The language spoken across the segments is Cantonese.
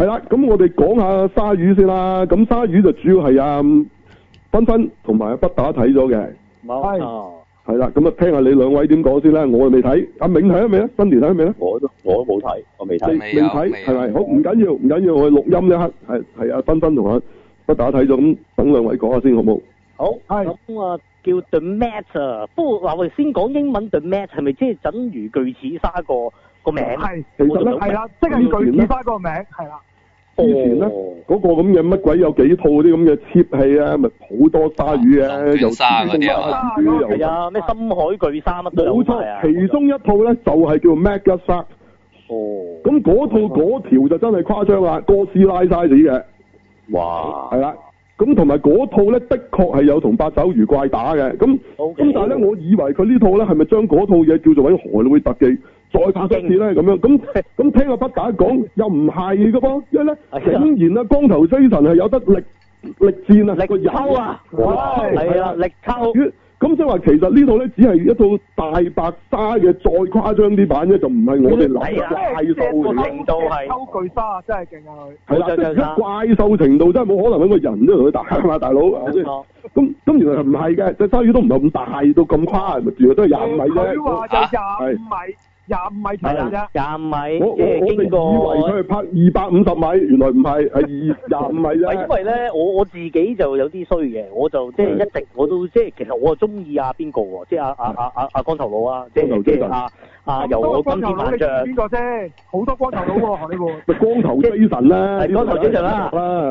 係啦，咁我哋講下鯊魚先啦。咁鯊魚就主要係阿、啊、芬芬同埋阿不打睇咗嘅，冇係，係啦。咁啊，聽下你兩位點講先啦。我未睇，阿明睇咗、嗯、未，有未，有未有是是係係啊？新睇咗未啊？我都我都冇睇，我未睇未睇，係咪？好唔緊要，唔緊要，我去錄音一刻。係係阿芬芬同阿不打睇咗，咁等兩位講下先，好唔好？好，咁啊叫 The Meg，不過嗱我哋先講英文 The Meg 係咪即係等如巨齒鯊個個名？係，係啦，即係、啊就是、巨齒鯊個名，係啦、啊。之前咧，嗰、那個咁嘅乜鬼有幾套啲咁嘅 cheap 戲啊，咪好多鯊魚沙鯊魚嘅，又豬中叉，豬又咩深海巨鯊乜都有啊。冇、啊啊啊啊、其中一套咧、啊、就係、是、叫 e Mega Shark。哦。咁嗰套嗰條就真係誇張啦、啊，哥斯拉 size 嘅。哇！係啦，咁同埋嗰套咧，的確係有同八爪魚怪打嘅。咁咁，okay, 但係咧，okay. 我以為佢呢是是套咧係咪將嗰套嘢叫做喺海老會特技？再拍多次咧咁樣，咁咁聽阿不打講又唔係㗎噃，因為咧竟然呢，光頭西神係有得力力戰力啊，啊！力抽啊，係啦，力抽。咁所以話其實呢度咧只係一套大白鯊嘅再誇張啲版啫，就唔係我哋諗嘅怪獸程度係。抽、嗯哎啊、巨鯊真係勁啊！佢巨鯊。怪獸程度真係冇可能搵個人都同佢打啊！大佬，咁咁、啊啊、原來係唔係嘅？隻鯊魚都唔係咁大到咁誇，最多都係廿五米啫。廿五米。啊廿五米，米，係啦，廿五米，即、就、係、是、經過。以為佢係拍二百五十米，原來唔係，係廿五米啫。係因為咧，我我自己就有啲衰嘅，我就即係、就是、一直我都即係，其實我中意阿邊個喎，即係啊啊啊啊阿光頭佬啊，即係阿。啊 啊，啊，啊，嗯、啊！由我軍天萬象，邊個啫？好多光頭佬喎，你咪光頭精神啦，光頭精神啦。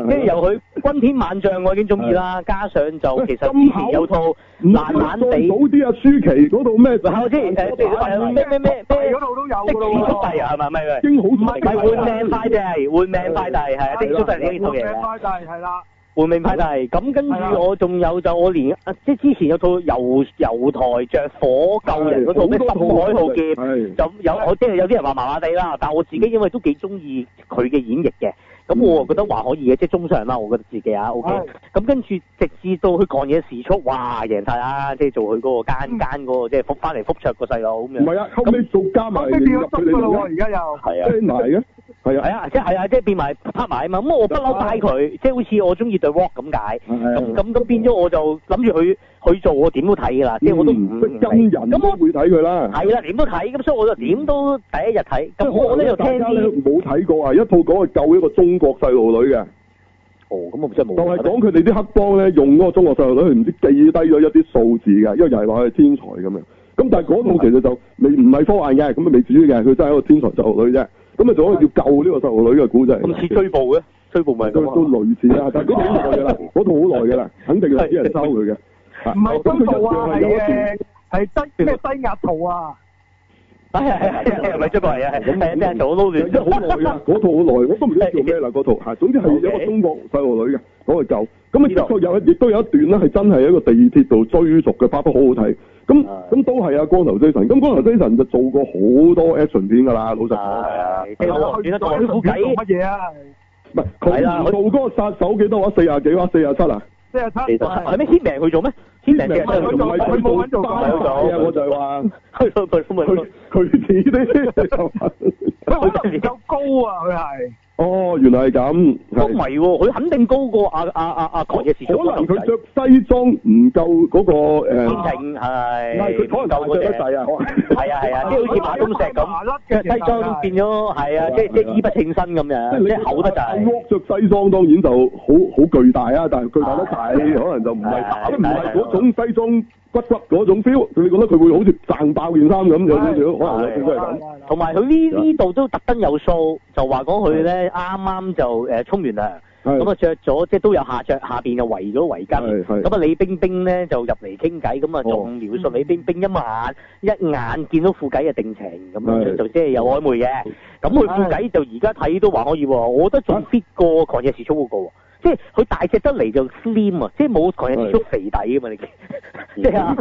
即係由佢軍天萬象，我已經中意啦。加上就、啊、其實之前有套爛爛地。早啲阿舒淇嗰套咩時先？我哋咩咩咩咩嗰套都有喎。的速遞係咪？咪、啊、佢。好乜？咪換命快遞，換命快遞係的速遞呢套嘢。明白，但題，咁跟住我仲有就我連，即係之前有套油油台着火救人嗰套咩《好套深海浩劫，就有即係有啲人話麻麻地啦，但係我自己因為都幾中意佢嘅演繹嘅，咁我覺得還可以嘅，即係中上啦，我覺得自己啊，OK。咁跟住直至到佢講嘢時出，哇，贏晒啦！即係做佢嗰個奸嗰個，嗯、即係復翻嚟復卓個細佬。唔係啊，後屘做奸啊，後屘變咗奸啊，我而家又。啊。 係啊，啊，啊，即係啊，即係、啊、變埋拍埋啊嘛。咁我不嬲帶佢，即係好似我中意對 rock 咁解。咁咁咁變咗，我就諗住去、嗯、去做，我點都睇㗎啦。即、嗯、係我都唔乜陰人，都會睇佢啦。係啦，點、啊、都睇，咁所以我就點都第一日睇。即係、啊、我、啊、我都又聽啲冇睇過啊！一套講係救一個中國細路女嘅。哦，咁我真係冇。就係、是、講佢哋啲黑幫咧，用嗰個中國細路女，唔知記低咗一啲數字嘅，因為人話佢係天才咁樣。咁但係嗰套其實就未唔係科幻嘅，咁未主要嘅，佢真係一個天才細路女啫。咁咪仲可以叫救呢個細路女嘅故仔。咁次追捕嘅，追捕咪都都類似啦，但係嗰套好耐嘅啦，嗰套好耐嘅啦，肯定有啲人收佢嘅。唔係追捕啊，係誒，係低咩低壓圖啊！係係係，咪出過嚟啊！咁咩咩都好多段，好耐啊！嗰 套好耐，我都唔知做咩啦。嗰套吓，總之係有一個中國細路女嘅，嗰個舊咁啊，的確有，亦都有一段咧，係真係喺個地鐵度追逐嘅，拍得好好睇。咁咁都係啊，光頭 Jason。咁光頭 Jason 就做過好多 action 片噶啦，老實講、啊啊啊啊啊。啊，其實我開咗部片做乜嘢啊？唔係，佢啦，做嗰個殺手幾多話四廿幾話四廿七啊？啊即係，其實係咩簽名去做咩簽名嘅？佢冇揾做工、啊、我 佢佢自己的就係、是、話，佢佢佢佢似啲，佢揾得唔夠高啊！佢係。哦，原來係咁。唔係喎，佢肯定高過阿阿阿阿郭野時。可能佢著西裝唔夠嗰、嗰個誒。稱稱係。唔係佢可能夠著得滯啊！係啊係啊，即、嗰個嗯嗯、好似馬東石咁。滑西裝變咗，係啊，即係即係衣不稱身咁樣，即係厚得滯。著西裝當然就好好巨大啊，但係佢大得大，可能就唔係。打，唔係嗰種西裝骨骨嗰種 feel，你覺得佢會好似撐爆件衫咁有少少？可能有少少係咁。同埋佢呢呢度都特登有數，就話講佢咧。啱啱就誒沖完涼，咁啊着咗即係都有下著，下邊就圍咗圍巾。咁啊李冰冰咧就入嚟傾偈，咁啊仲描述李冰冰一眼，嗯、一眼、一眼見到褲底嘅定情，咁就即係有曖昧嘅。咁佢褲底就而家睇都還可以，我覺得仲 fit 過狂野時速嗰個，即係佢大隻得嚟就 slim 啊，即係冇狂野時速肥底啊嘛，你即係、即係、啊，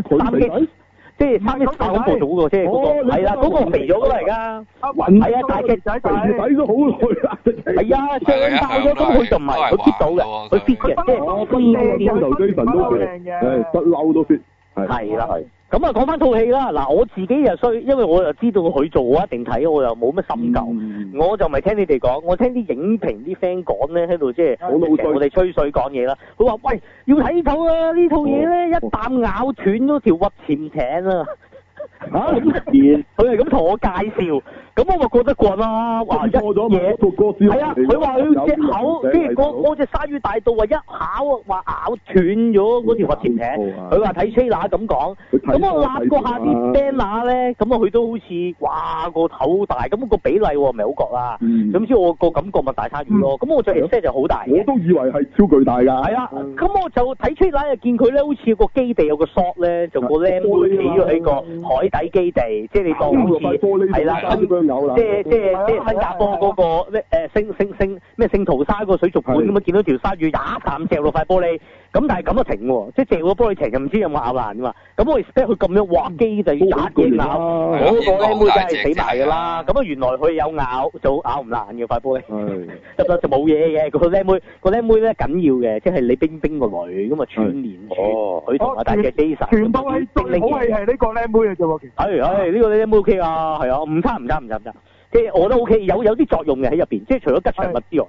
即係差啲爆咁多咗喎，即係，係啦，嗰個肥咗啦而家，係啊大隻仔肥咗好耐啦，係啊上曬咗，根本就唔係，佢 fit 到嘅，佢 fit 嘅，即係，所以肌肉肌羣都 fit，誒，不嬲都 fit，係。係啦，係。咁啊，講翻套戲啦！嗱，我自己又衰，因為我又知道佢做，我一定睇，我又冇乜深究，嗯。我就咪聽你哋講，我聽啲影評啲 friend 講咧喺度即係好老實、嗯、我哋吹水講嘢啦。佢話，喂，要睇到啊！呢套嘢咧一啖咬斷咗條核潛艇啊！嗯佢係咁同我介紹，咁我咪覺得怪啦。話過嘢，係啊，佢話佢隻口，即係嗰嗰隻鯊魚大到話一咬話咬斷咗嗰條核潛艇。佢話睇 trailer 咁講，咁我揦過下啲 banner 咧，咁啊佢都好似哇個頭大，咁個比例喎，咪好覺啦。點知我個感覺咪大鯊魚咯。咁、嗯、我著 XS 就好大。我都以為係超巨大㗎。係啊，咁我就睇 trailer 又見佢咧，好似個基地有個 shot 咧，就個僆妹企咗喺個。嗯海底基地，即係你當嗰塊玻璃係啦，即係即係即係新加坡嗰、嗰個咩誒聖聖聖咩聖淘沙個水族館咁啊，見到條鯊魚一啖錫落塊玻璃。咁但係咁就停喎，即係掉個玻璃停又唔知有冇咬爛啫嘛。咁我即係佢咁樣，哇！機就要打斷啦。嗰個僆妹真係死埋㗎啦。咁啊，原來佢有咬，就咬唔爛嘅塊玻璃。得唔得？就冇嘢嘅。個僆妹，個僆妹咧緊要嘅，即係李冰冰個女，咁啊串連住。哦。全部係最好係係呢個僆妹嚟啫喎。係係，呢個僆妹 O K 啊，係啊，唔差唔差唔差唔差。即係我都 O K，有有啲作用嘅喺入邊，即係除咗吉祥物之外，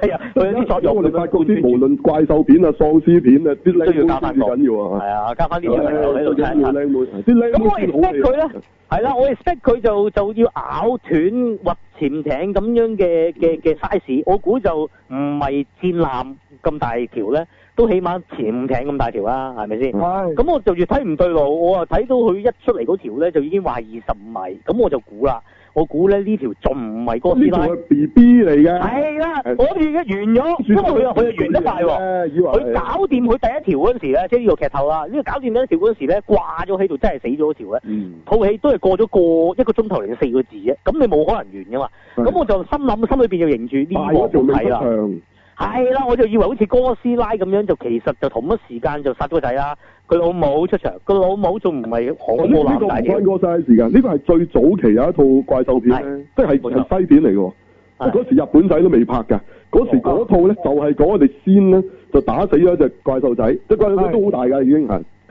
係啊，佢 有啲作用。我哋發覺啲無論怪獸片啊、喪屍片啊，都要加最緊要啊，係啊，加翻啲靚妹喺度聽下。靚妹咁我哋 spec 佢咧，係、嗯、啦，我哋 spec 佢就就要咬斷核潛艇咁樣嘅嘅嘅 size，、嗯、我估就唔係戰艦咁大條咧，都起碼潛艇咁大條啦、啊，係咪先？咁、嗯、我就越睇唔對路，我啊睇到佢一出嚟嗰條咧，就已經話二十五米，咁我就估啦。我估咧，呢條仲唔係個屎 B B 嚟嘅。係啦，我哋而家完咗，因為佢又佢又完得快喎。佢搞掂佢第一條嗰陣時咧，即係呢個劇透啦。呢個搞掂第一條嗰陣時咧、就是這個，掛咗喺度真係死咗條嘅。嗯，套戲都係過咗個一個鐘頭嚟嘅四個字啫。咁你冇可能完㗎嘛？咁我就心諗，心裏邊就認住呢個咁睇啦。係啦，我就以為好似哥斯拉咁樣，就其實就同一時間就殺咗佢仔啦。佢老母出場，佢老母仲唔係恐怖冷大條。呢個唔關哥斯拉事㗎，呢、這個係最早期有一套怪獸片即係係西片嚟喎。嗰時日本仔都未拍㗎，嗰時嗰套咧就係講我哋先咧就打死咗隻怪獸仔，即係怪獸都好大噶已經，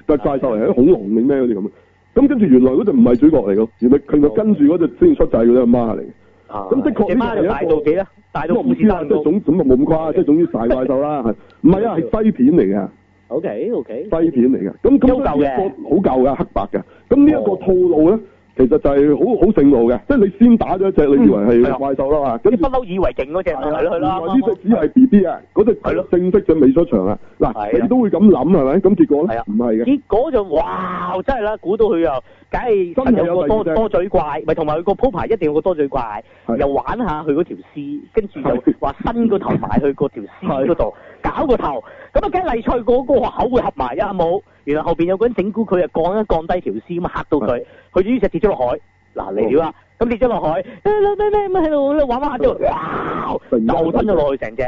但係怪獸係啲恐龍咩嗰啲咁。咁跟住原來嗰隻唔係主角嚟嘅，原來佢就跟住嗰隻先出仔嗰啲阿媽嚟。咁、嗯、的確呢個係一個大導演啦，大導師啦，即係總總咪冇咁誇，即、okay。係總之大怪獸啦，係唔係啊？係西片嚟嘅。O K O K。西片嚟嘅，咁咁舊嘅，好舊嘅黑白嘅，咁呢一個套路咧。Oh. 其實就係好好醒目嘅，即係你先打咗一隻，你以為係怪獸啦嘛，咁不嬲以為勁嗰隻係啦，原來呢隻只係 B B 啊，嗰、啊啊啊、只是 BB, 是、啊、隻正式就尾咗場啊。嗱，你都會咁諗係咪？咁結果呢，唔係嘅。結果就哇，真係啦，估到佢又，梗係真有個多有多嘴怪，咪同埋佢個鋪排一定要有個多嘴怪，啊、又玩下佢嗰條絲，跟住就話伸個頭埋去嗰條絲嗰度。搞個頭，咁啊梗係泥菜個個口會合埋啊，冇。原來後邊有個人整蠱佢啊，降一降低條屍，咁嚇到佢，佢終於就跌咗落海。嗱，嚟料啊，咁跌咗落海，咩咩咩喺度玩玩下之後，哇，又吞咗落去成隻。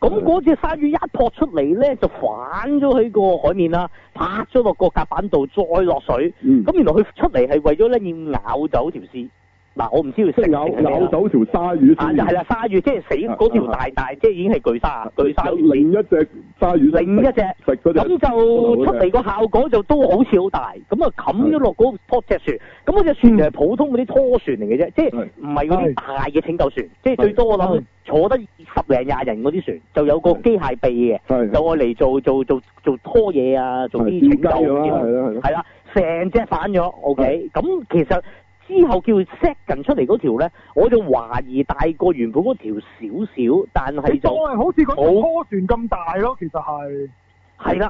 咁嗰隻鯊魚一撲出嚟咧，就反咗喺個海面啦，拍咗落個甲板度，再落水。咁原來佢出嚟係為咗咧要咬走條屍。嗱，我唔知佢即係咬走條鯊魚先，係、啊、啦，鯊魚即係死嗰條大大，啊、即係已經係巨鯊巨鯊、啊、另一隻鯊魚，另一隻咁就出嚟個效果、啊 okay. 就都好似好大，咁啊冚咗落嗰棵隻船，咁嗰隻船就係普通嗰啲拖船嚟嘅啫，即係唔係嗰啲大嘅拯救船，即係最多我諗坐得十零廿人嗰啲船，就有個機械臂嘅，就嚟做做做做拖嘢啊，做啲拯救咁樣，係啦，成隻反咗，OK，咁、嗯、其實。之後叫佢 second 出嚟嗰條咧，我就懷疑大過原本嗰條少少，但係就係好似個拖船咁大咯。其實係係啦，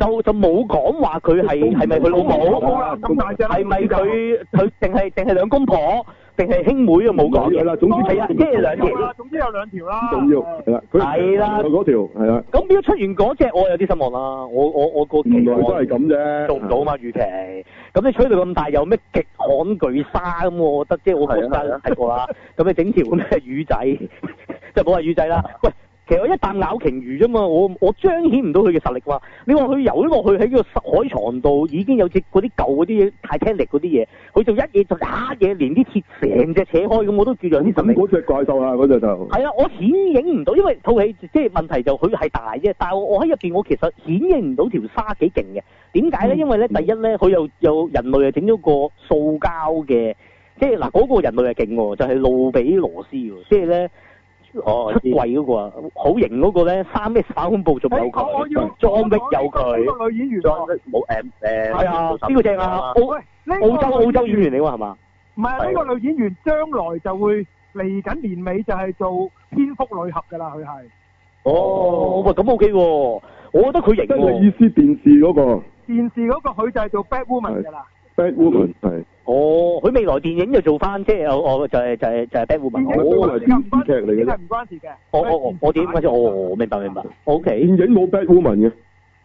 就就冇講話佢係係咪佢老母，係咪佢佢定係定係兩公婆？ 定係兄妹啊，冇講。係啦，總之係啊，即係兩條。總之有兩條啦。重要係啦，佢係嗰條。係啦。咁屌、那個、出完嗰、那、隻、個，我有啲失望啦。我我我個期望都係咁啫，做唔到嘛預期。咁、啊、你吹到咁大，有咩極悍巨鯊咁？我覺得即係我覺得。睇過啦。咁、啊、你整條咩魚仔？即係冇話魚仔啦。 喂。其實我一啖咬鯨魚啫嘛，我我彰顯唔到佢嘅實力噶。你話佢游咗落去喺個海床度，已經有隻嗰啲舊嗰啲嘢，Titanic 嗰啲嘢，佢就一嘢就喇嘢，連啲鐵成隻扯開咁，我都叫做有啲實力嗰隻怪獸啊，嗰隻就係啊，我顯影唔到，因為套戲即係問題就佢係大啫。但係我喺入邊我其實顯影唔到條沙幾勁嘅。點解咧？因為咧，第一咧，佢又有人類啊整咗個塑膠嘅，即係嗱嗰個人類係勁，就係、是、路比羅斯，即係咧。櫃那個、哦，出櫃嗰啊，好型嗰、那個咧，三 S 反恐怖仲有佢，裝備有佢，呢個女演員，冇誒誒，係啊，呢個正啊，澳、啊、澳洲澳洲演員嚟㗎係嘛？唔係，呢、這個女演員將、這個、來就會嚟緊年尾就係做蝙蝠女俠噶啦佢係。哦，喂、OK，咁 OK，我覺得佢型。跟意思電視嗰、那個。電視嗰、那個佢就係做 Batwoman 噶啦。Batwoman 係、嗯。哦，佢未來電影就做翻，即係我就係、是、就係就係 Bad Woman 電電。電影都係電視劇嚟嘅。唔關事嘅。我我我我點？我，我，我，我，我，我哦，明白明白。O K。電影冇 Bad Woman 嘅。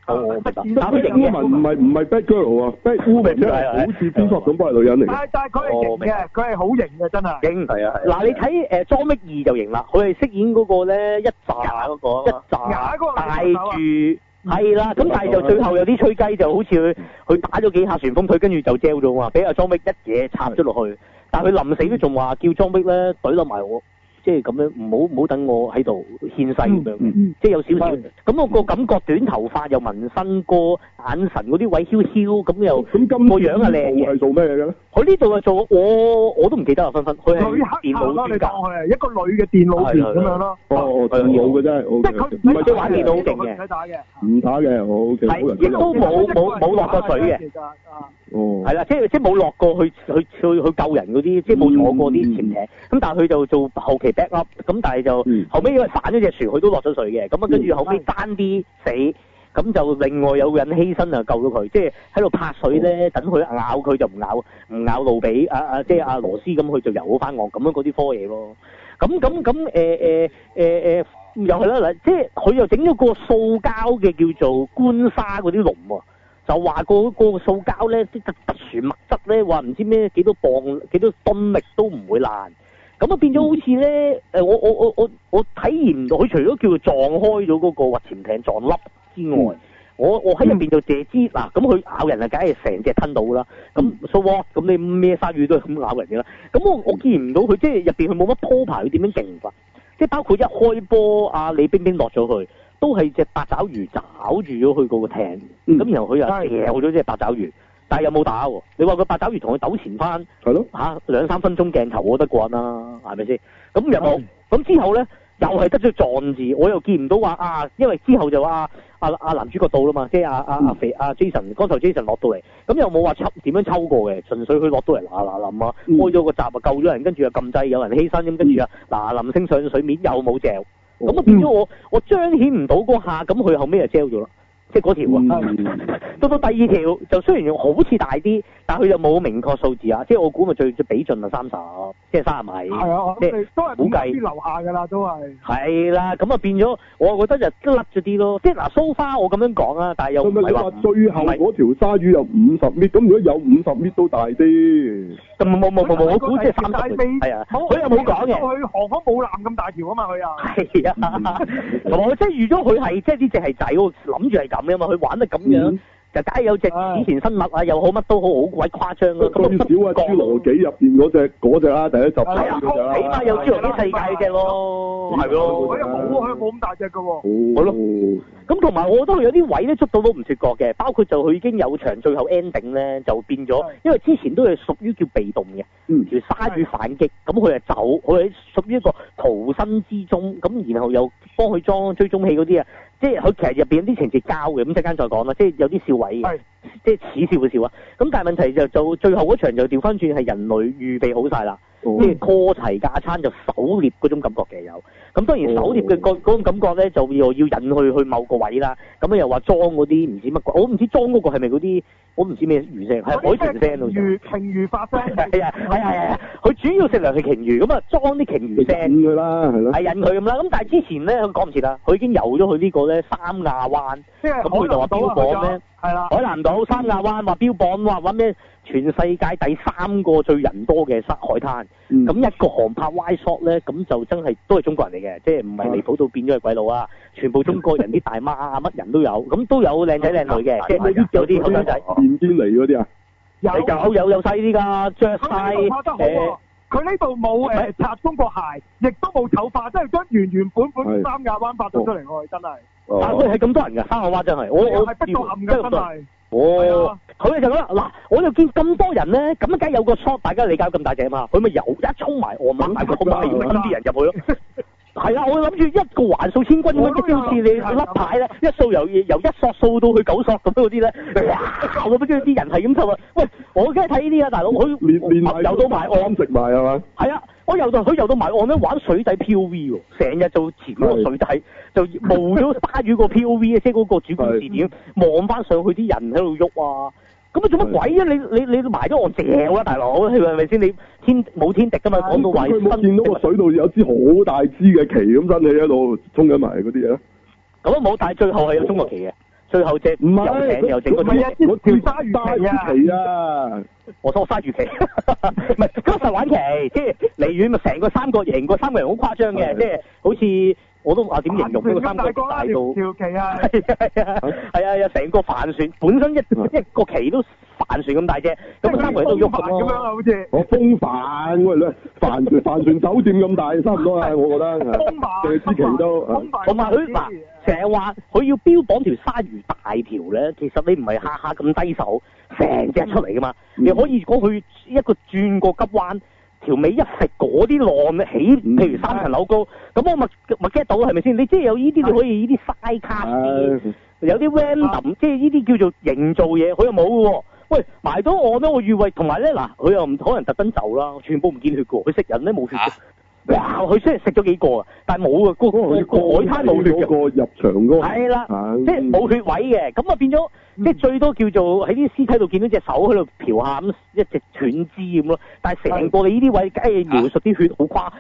哦，我不。Bad、嗯、Woman 不係唔係 Bad Girl 啊？Bad Woman 即係好似蝙蝠咁，都係女人嚟。係，但係佢係型嘅，佢係、嗯、好型嘅，真係。型係啊係。嗱你睇誒裝逼二就型啦，佢係飾演嗰個咧一紮嗰個一紮帶住。係、嗯、啦，咁、嗯嗯嗯、但係就最後有啲吹雞，就好似佢佢打咗幾下旋風佢跟住就掉咗喎，俾阿莊碧一嘢插咗落去，但佢臨死都仲話叫莊碧咧懟冧埋我。即係咁樣，唔好唔好等我喺度獻世咁樣，即、嗯、係、嗯係、有少少。咁、嗯嗯嗯、我個感覺，短頭髮又紋身個，眼神嗰啲位囂囂，咁又個、嗯嗯嗯、樣又靚，佢係做咩嘅咧？佢呢度係做我我都唔記得啊，芬芬。佢係電腦專家，哈哈哈哈，一個女嘅電腦咁樣咯。哦、啊，係好嘅真係，即係佢唔係都玩電腦勁嘅，唔打嘅。唔打嘅，好嘅，好亦都冇冇冇落過水嘅。哦、嗯，係啦，即係即係冇落過去去去去救人嗰啲，即係冇坐過啲潛艇。咁、嗯嗯、但係佢就做後期 backup。咁但係就後尾因為反咗隻船，佢都落咗水嘅。咁、嗯、啊，跟住後尾單啲死，咁就另外有人犧牲啊救咗佢。即係喺度拍水咧、嗯，等佢咬佢就唔咬，唔咬路比、嗯、啊、就係啊，欸欸欸欸、啊，即係阿羅斯咁，佢就遊好翻岸。咁樣嗰啲科嘢咯。咁咁咁誒誒誒誒，又係啦嗱，即係佢又整咗個塑膠嘅叫做觀鯊嗰啲籠喎。就話個個塑膠咧，即特特殊物質咧，話唔知咩幾多磅幾多噸力都唔會爛。咁啊變咗好似咧，誒我我我我我睇見唔到佢，除咗叫佢撞開咗嗰個潛艇撞凹之外，嗯、我我喺入邊就借支。嗱、嗯，咁、啊、佢咬人啊，梗係成隻吞到啦。咁、嗯、so what？咁你咩鯊魚都係咁咬人嘅啦。咁我我見唔到佢，即係入邊佢冇乜鋪排，佢點樣營化？即係包括一開波，阿李冰冰落咗去。都係隻八爪魚掗住咗佢嗰個艇，咁、嗯、然後佢又掟咗隻八爪魚，嗯、但係又冇打喎。你話個八爪魚同佢糾纏翻，係咯嚇兩三分鐘鏡頭都得過啦，係咪先？咁又冇，咁、嗯、之後呢，又係得咗撞字，我又見唔到話啊，啊，因為之後就話阿阿男主角到啦嘛，即係阿阿肥阿 Jason 嗰頭 Jason 落到嚟，咁又冇話抽點樣抽過嘅，純粹佢落到嚟嗱嗱淋啊，開咗個閘啊，救咗人，跟住又撳掣有人犧牲咁，跟住啊嗱林升上水面又冇掟。咁啊 變咗，我，我彰顯唔到嗰下，咁佢後屘就 sell 咗啦。即係嗰條啊！到、嗯、到 第二條就雖然好似大啲，但係佢又冇明確數字 30, 30啊！即係我估咪最最比盡啊，三十即三十米。係啊，即係都係估計。啲樓下㗎啦，都係。係啦、啊，咁啊變咗，我覺得就甩咗啲咯。即係嗱，so far 我咁樣講啊，so、但係又唔係話最後嗰條鯊魚又五十米。咁如果有五十米都大啲，唔冇冇冇冇，我估即係卅米。係啊，佢又冇講嘅。佢又冇講嘅。佢航空母艦咁大條啊嘛，佢又係啊！我即係預咗佢係即係呢隻係仔，諗住係咁。咁啊嘛，佢玩得咁樣，就梗係有隻以前生物啊，又好乜都好，好鬼誇張啊！多、嗯、少啊，侏羅紀入邊嗰隻嗰隻啊，隻隻第一集係啊，起碼有侏羅紀世界嘅咯，係咯，好佢冇咁大隻嘅喎，係咯，咁同埋我都有啲位咧捉到都唔錯嘅，包括就佢已經有場最後 ending 咧就變咗，因為之前都係屬於叫被動嘅，條鯊魚反擊，咁、嗯、佢、嗯、就走，佢係屬於一個逃生之中，咁然後又幫佢裝追蹤器嗰啲啊。即係佢其實入面啲情節交嘅，咁陣間再講啦。即係有啲笑位即係恥笑嘅笑啊。咁但係問題就做、是、最後嗰場就調返轉係人類預備好曬啦。即係拖齊架餐就狩獵嗰種感覺嘅有，咁當然狩獵嘅嗰種感覺咧，就要引佢去某個位啦。咁又話裝嗰啲唔知乜鬼，我唔知裝嗰個係咪嗰啲，我唔知咩魚聲，係海豚聲好似。魚鯨魚發聲係啊係係係啊，佢主要食糧係鯨魚，咁啊、嗯嗯哎哎哎哎哎、裝啲鯨魚聲引佢啦，係引佢咁啦。咁但係之前咧佢講唔切啊，佢已經游咗去呢個咧三亞灣，咁佢、嗯、就話邊個講咧？係啦，海南島三亞灣話標榜話搵咩全世界第三個最人多嘅沙海灘，咁、嗯、一個航拍 Y shot 咧，咁就真係都係中國人嚟嘅，即係唔係離譜到變咗係鬼佬啊，全部中國人啲大媽啊乜人都有，咁都有靚仔靚女嘅，即有啲可能係面嚟嗰啲啊，有有有細啲噶，着晒，呢度拍得好，佢呢度冇誒擦中國鞋，亦都冇醜化，真係將原原本本三亞灣拍到出嚟，我真係。但佢係咁多人㗎。沙河灣真係，我我叫，我。佢哋、啊、就講啦，嗱，我就見咁多人咧，咁啊，梗有個 short，大家理解咁大隻啊嘛，佢咪由一衝埋，我冇埋個，咁咪又啲人入去咯，係 啊，我諗住一個橫掃千軍嗰啲標誌，你甩牌咧、啊，一掃由由一索掃到去九索咁啲咧，嘩咁啊，即 啲人係咁抽啊，喂，我梗係睇呢啲啊，大佬，好連連埋又都我啱食埋係嘛？係啊。我游到佢游到埋岸咧，玩水底 P O V 喎，成日就潛落水底就望咗鯊魚 POV, 個 P O V 啊，即係嗰個主觀視點望翻上去啲人喺度喐啊，咁啊做乜鬼啊？你你你埋咗我石啊，大佬係咪先？你天冇天敵㗎嘛？講到埋身，見到個水度有支好大支嘅旗咁真係喺度，衝緊埋嗰啲嘢。咁都冇，但係最後係有衝落旗嘅。最後只又整又整嗰條鯊魚大旗啊，啊！我睇我鯊魚旗、啊，唔係真實玩旗，即係離遠咪成個三角形，個三角形誇張、就是、好誇張嘅，即係好似我都話點形容嗰個三角形大到。條旗啊！係啊係啊，係啊，成個帆船本身一一個旗都帆船咁大啫，咁三角形都喐咁、就是、樣好似 我風帆，喂，帆船帆船酒店咁大，差唔多我覺得。 風帆同埋帆嗱。成日話佢要標榜條鯊魚大條咧，其實你唔係下下咁低手，成隻出嚟噶嘛、嗯，你可以如果佢一個轉過急彎，條尾一食嗰啲浪起，譬如三層樓高，咁、啊、我咪咪 get 到係咪先？你即係有呢啲，你可以呢啲嘥卡，有啲 random，、啊、即係呢啲叫做營造嘢，佢又冇嘅喎。喂，埋到岸呢，我以為，同埋咧嗱，佢又唔可能特登走啦，全部唔見血嘅喎，佢食人咧冇血。啊。哇！佢雖然食咗幾個、那個、啊，但係冇啊，嗰個海灘冇血嘅，入場嗰個係啦，即係冇血位嘅，咁啊變咗即係最多叫做喺啲屍體度見到隻手喺度漂下咁，一隻斷肢咁咯。但係成個嘅呢啲位，梗、啊、係描述啲血好誇，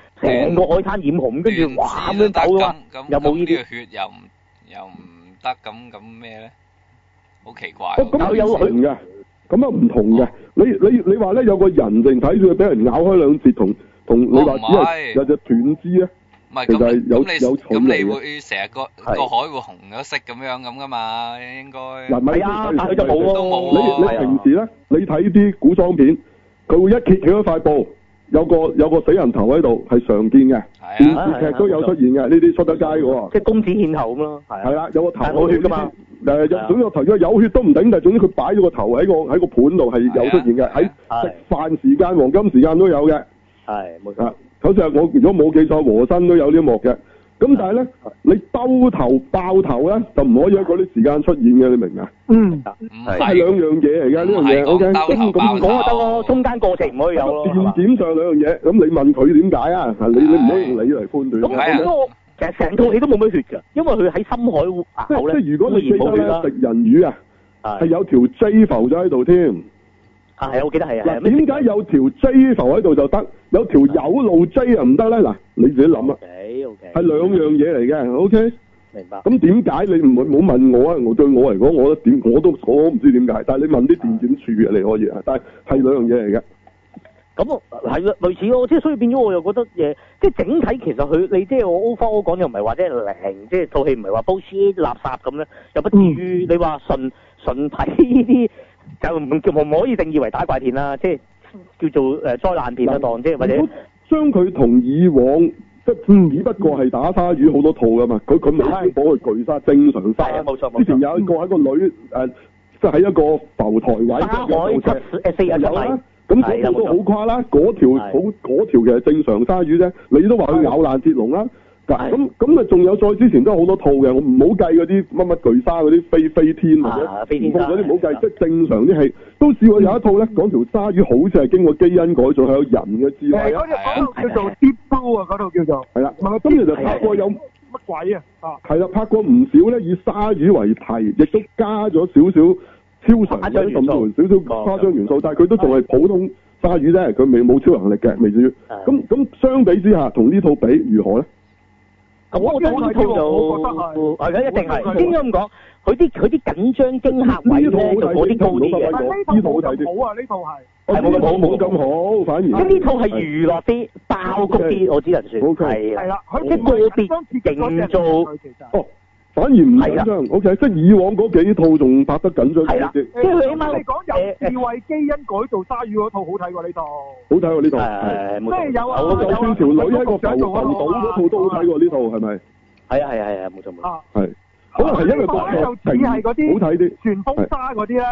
成個海灘染紅，跟住哇咁樣走冇呢嘅血又，又又唔得咁咁咩咧？好奇怪！啊、有有血血哦，咁有血？同㗎，咁啊唔同嘅，你你你話咧有個人定睇佢俾人咬開兩截同。子係，有隻斷肢啊！唔係咁咁你咁你會成日個個海會紅咗色咁樣咁噶嘛？應該係啊，洗緊布你你平時咧，你睇啲古裝片，佢會一揭起一塊布，有個有個死人頭喺度，係常見嘅，電視劇都有出現嘅。呢啲出得街嘅喎，即係、就是、公子獻頭咁咯。係啦，有個頭冇血噶嘛？誒，總有個頭,頭，有血都唔頂。總之佢擺咗個頭喺個喺個盤度係有出現嘅。喺食飯時間、黃金時間都有嘅。係冇錯，好似我如果冇記錯，和珅都有呢一幕嘅。咁但係咧，你兜頭爆頭咧就唔可以喺嗰啲時間出現嘅，你明唔明啊？嗯，係兩樣嘢嚟㗎呢樣嘢，O K。這個，okay, 兜頭爆頭，中間過程唔可以有咯。點上兩樣嘢，咁你問佢點解啊？你你唔可以用你嚟判斷。咁其實成套戲都冇咩血嘅，因為佢喺深海即係、呃、如果佢食人魚啊，係有條 J 浮咗喺度添。啊，係我記得係啊。嗱，點解有條 J 浮喺度就得，有條有路 J 啊唔得咧？嗱，你自己諗啊。o、okay, K、okay。係兩樣嘢嚟嘅，O K。明白。咁點解你唔會冇問我啊？我對我嚟講，我點我都我唔知點解。但係你問啲電影處嘅你可以啊，但係係兩樣嘢嚟嘅。咁、嗯、啊，係類似咯，即係所以變咗，我又覺得即係整體其實佢你即係我 offer 我講又唔係話即係零，即係套戲唔係話煲黐垃圾咁咧，又不至於、嗯、你話純純睇呢啲。就唔叫唔可以定義為打怪片啦，即係叫做誒災難片啊，當即或者將佢同以往，即嗯，只不過係打鯊魚好多套噶嘛，佢佢唔係要保佢巨鯊，正常鯊。係冇錯之前有一個喺個女誒、呃，即係喺一個浮台位，浮台。有、呃、啦。咁、呃、其、呃個,嗯嗰個都好誇啦，嗰條好嗰條,條其實正常鯊魚啫，你都話佢咬爛鐵籠啦。咁咁啊，仲有再之前都好多套嘅，我唔好計嗰啲乜乜巨鯊嗰啲飛飛天或者啲唔好計，即係正常啲戲都試過有一套咧，講條鯊魚好似係經過基因改造，係有人嘅智慧啊！嗰套叫做《Deep Blue》啊，嗰套叫做係啦。咁其實拍過有乜鬼啊？係啦，拍過唔少咧，以鯊魚為題，亦都加咗少少超常嘅元素，少少誇張元素，少少元素但係佢都仲係普通鯊魚咧，佢未冇超能力嘅，未至於咁咁相比之下，同呢套比如何咧？咁、嗯、我真係覺得係，係啊一定係。點解咁講？佢啲佢啲緊張驚嚇位咧，就嗰啲套嘅。但呢套就好啊，呢套係係冇咁好，冇咁好反而。咁呢套係娛樂啲，okay，爆谷啲，我只能算係。係、okay，啦，即個別營造。反而唔緊張，OK，即係以往嗰幾套仲拍得緊張啲。即係起碼嚟講，欸、你有智慧基因改造鯊魚嗰套好睇喎，呢套。欸欸、好睇喎呢套，即係有啊，有穿條、啊、女喺個頭倒嗰套都好睇喎，呢套係咪？係啊係係啊，冇錯冇錯係，可能係因為嗰啲好似係嗰啲旋風鯊嗰啲咧，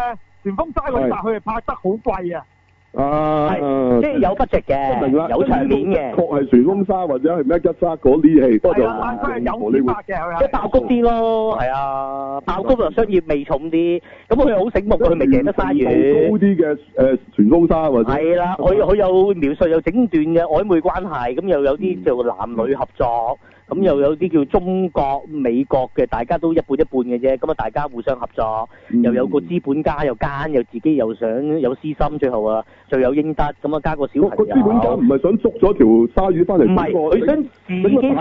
旋風鯊嗰集佢係拍得好貴啊。是啊，是即係有筆值嘅，有場面嘅，確係旋風沙或者係咩吉沙嗰啲戲，不過，就呢個、啊、即係爆谷啲咯，係啊，爆谷就商業味重啲，咁佢好醒目㗎，佢未贏得沙園好啲嘅誒旋風沙或者係啦，佢佢有描述有整段嘅曖昧關係，咁、嗯、又有啲叫男女合作。嗯咁、嗯嗯、又有啲叫中國、美國嘅，大家都一半一半嘅啫。咁啊，大家互相合作，嗯、又有個資本家又奸，又自己又想有私心，最後啊，罪有應得。咁啊，加個小朋友。個資本家唔係想捉咗條鯊魚翻嚟，唔係佢想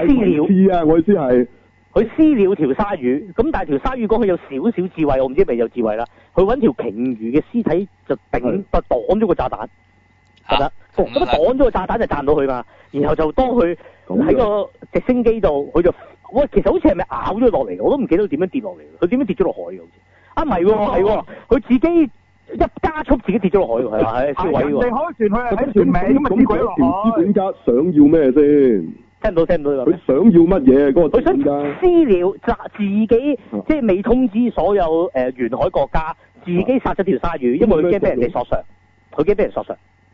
自己私了？啊，我意思係佢私了條鯊魚。咁但係條鯊魚講佢有少少智慧，我唔知係咪有智慧啦。佢搵條鯨魚嘅屍體就頂就擋咗個炸彈，係、啊、啦，咁樣擋咗個炸彈就彈到佢嘛。然後就當佢。喺、啊、個直升機度，佢就喂，其實好似係咪咬咗落嚟？我都唔記得咗點樣跌落嚟。佢點樣跌咗落海嘅？好似啊，唔係，唔係，佢自己一加速自己跌咗落海。係啊，係，超鬼嘅喎。咁你開船佢係船名？咁海船依家想要咩先？聽唔到，聽唔到。佢想要乜嘢？佢、那個、想私了自己即係未通知所有誒沿海國家，啊、自己殺咗條鯊魚，啊。因為佢驚俾、啊？人哋索償？佢驚俾人索償？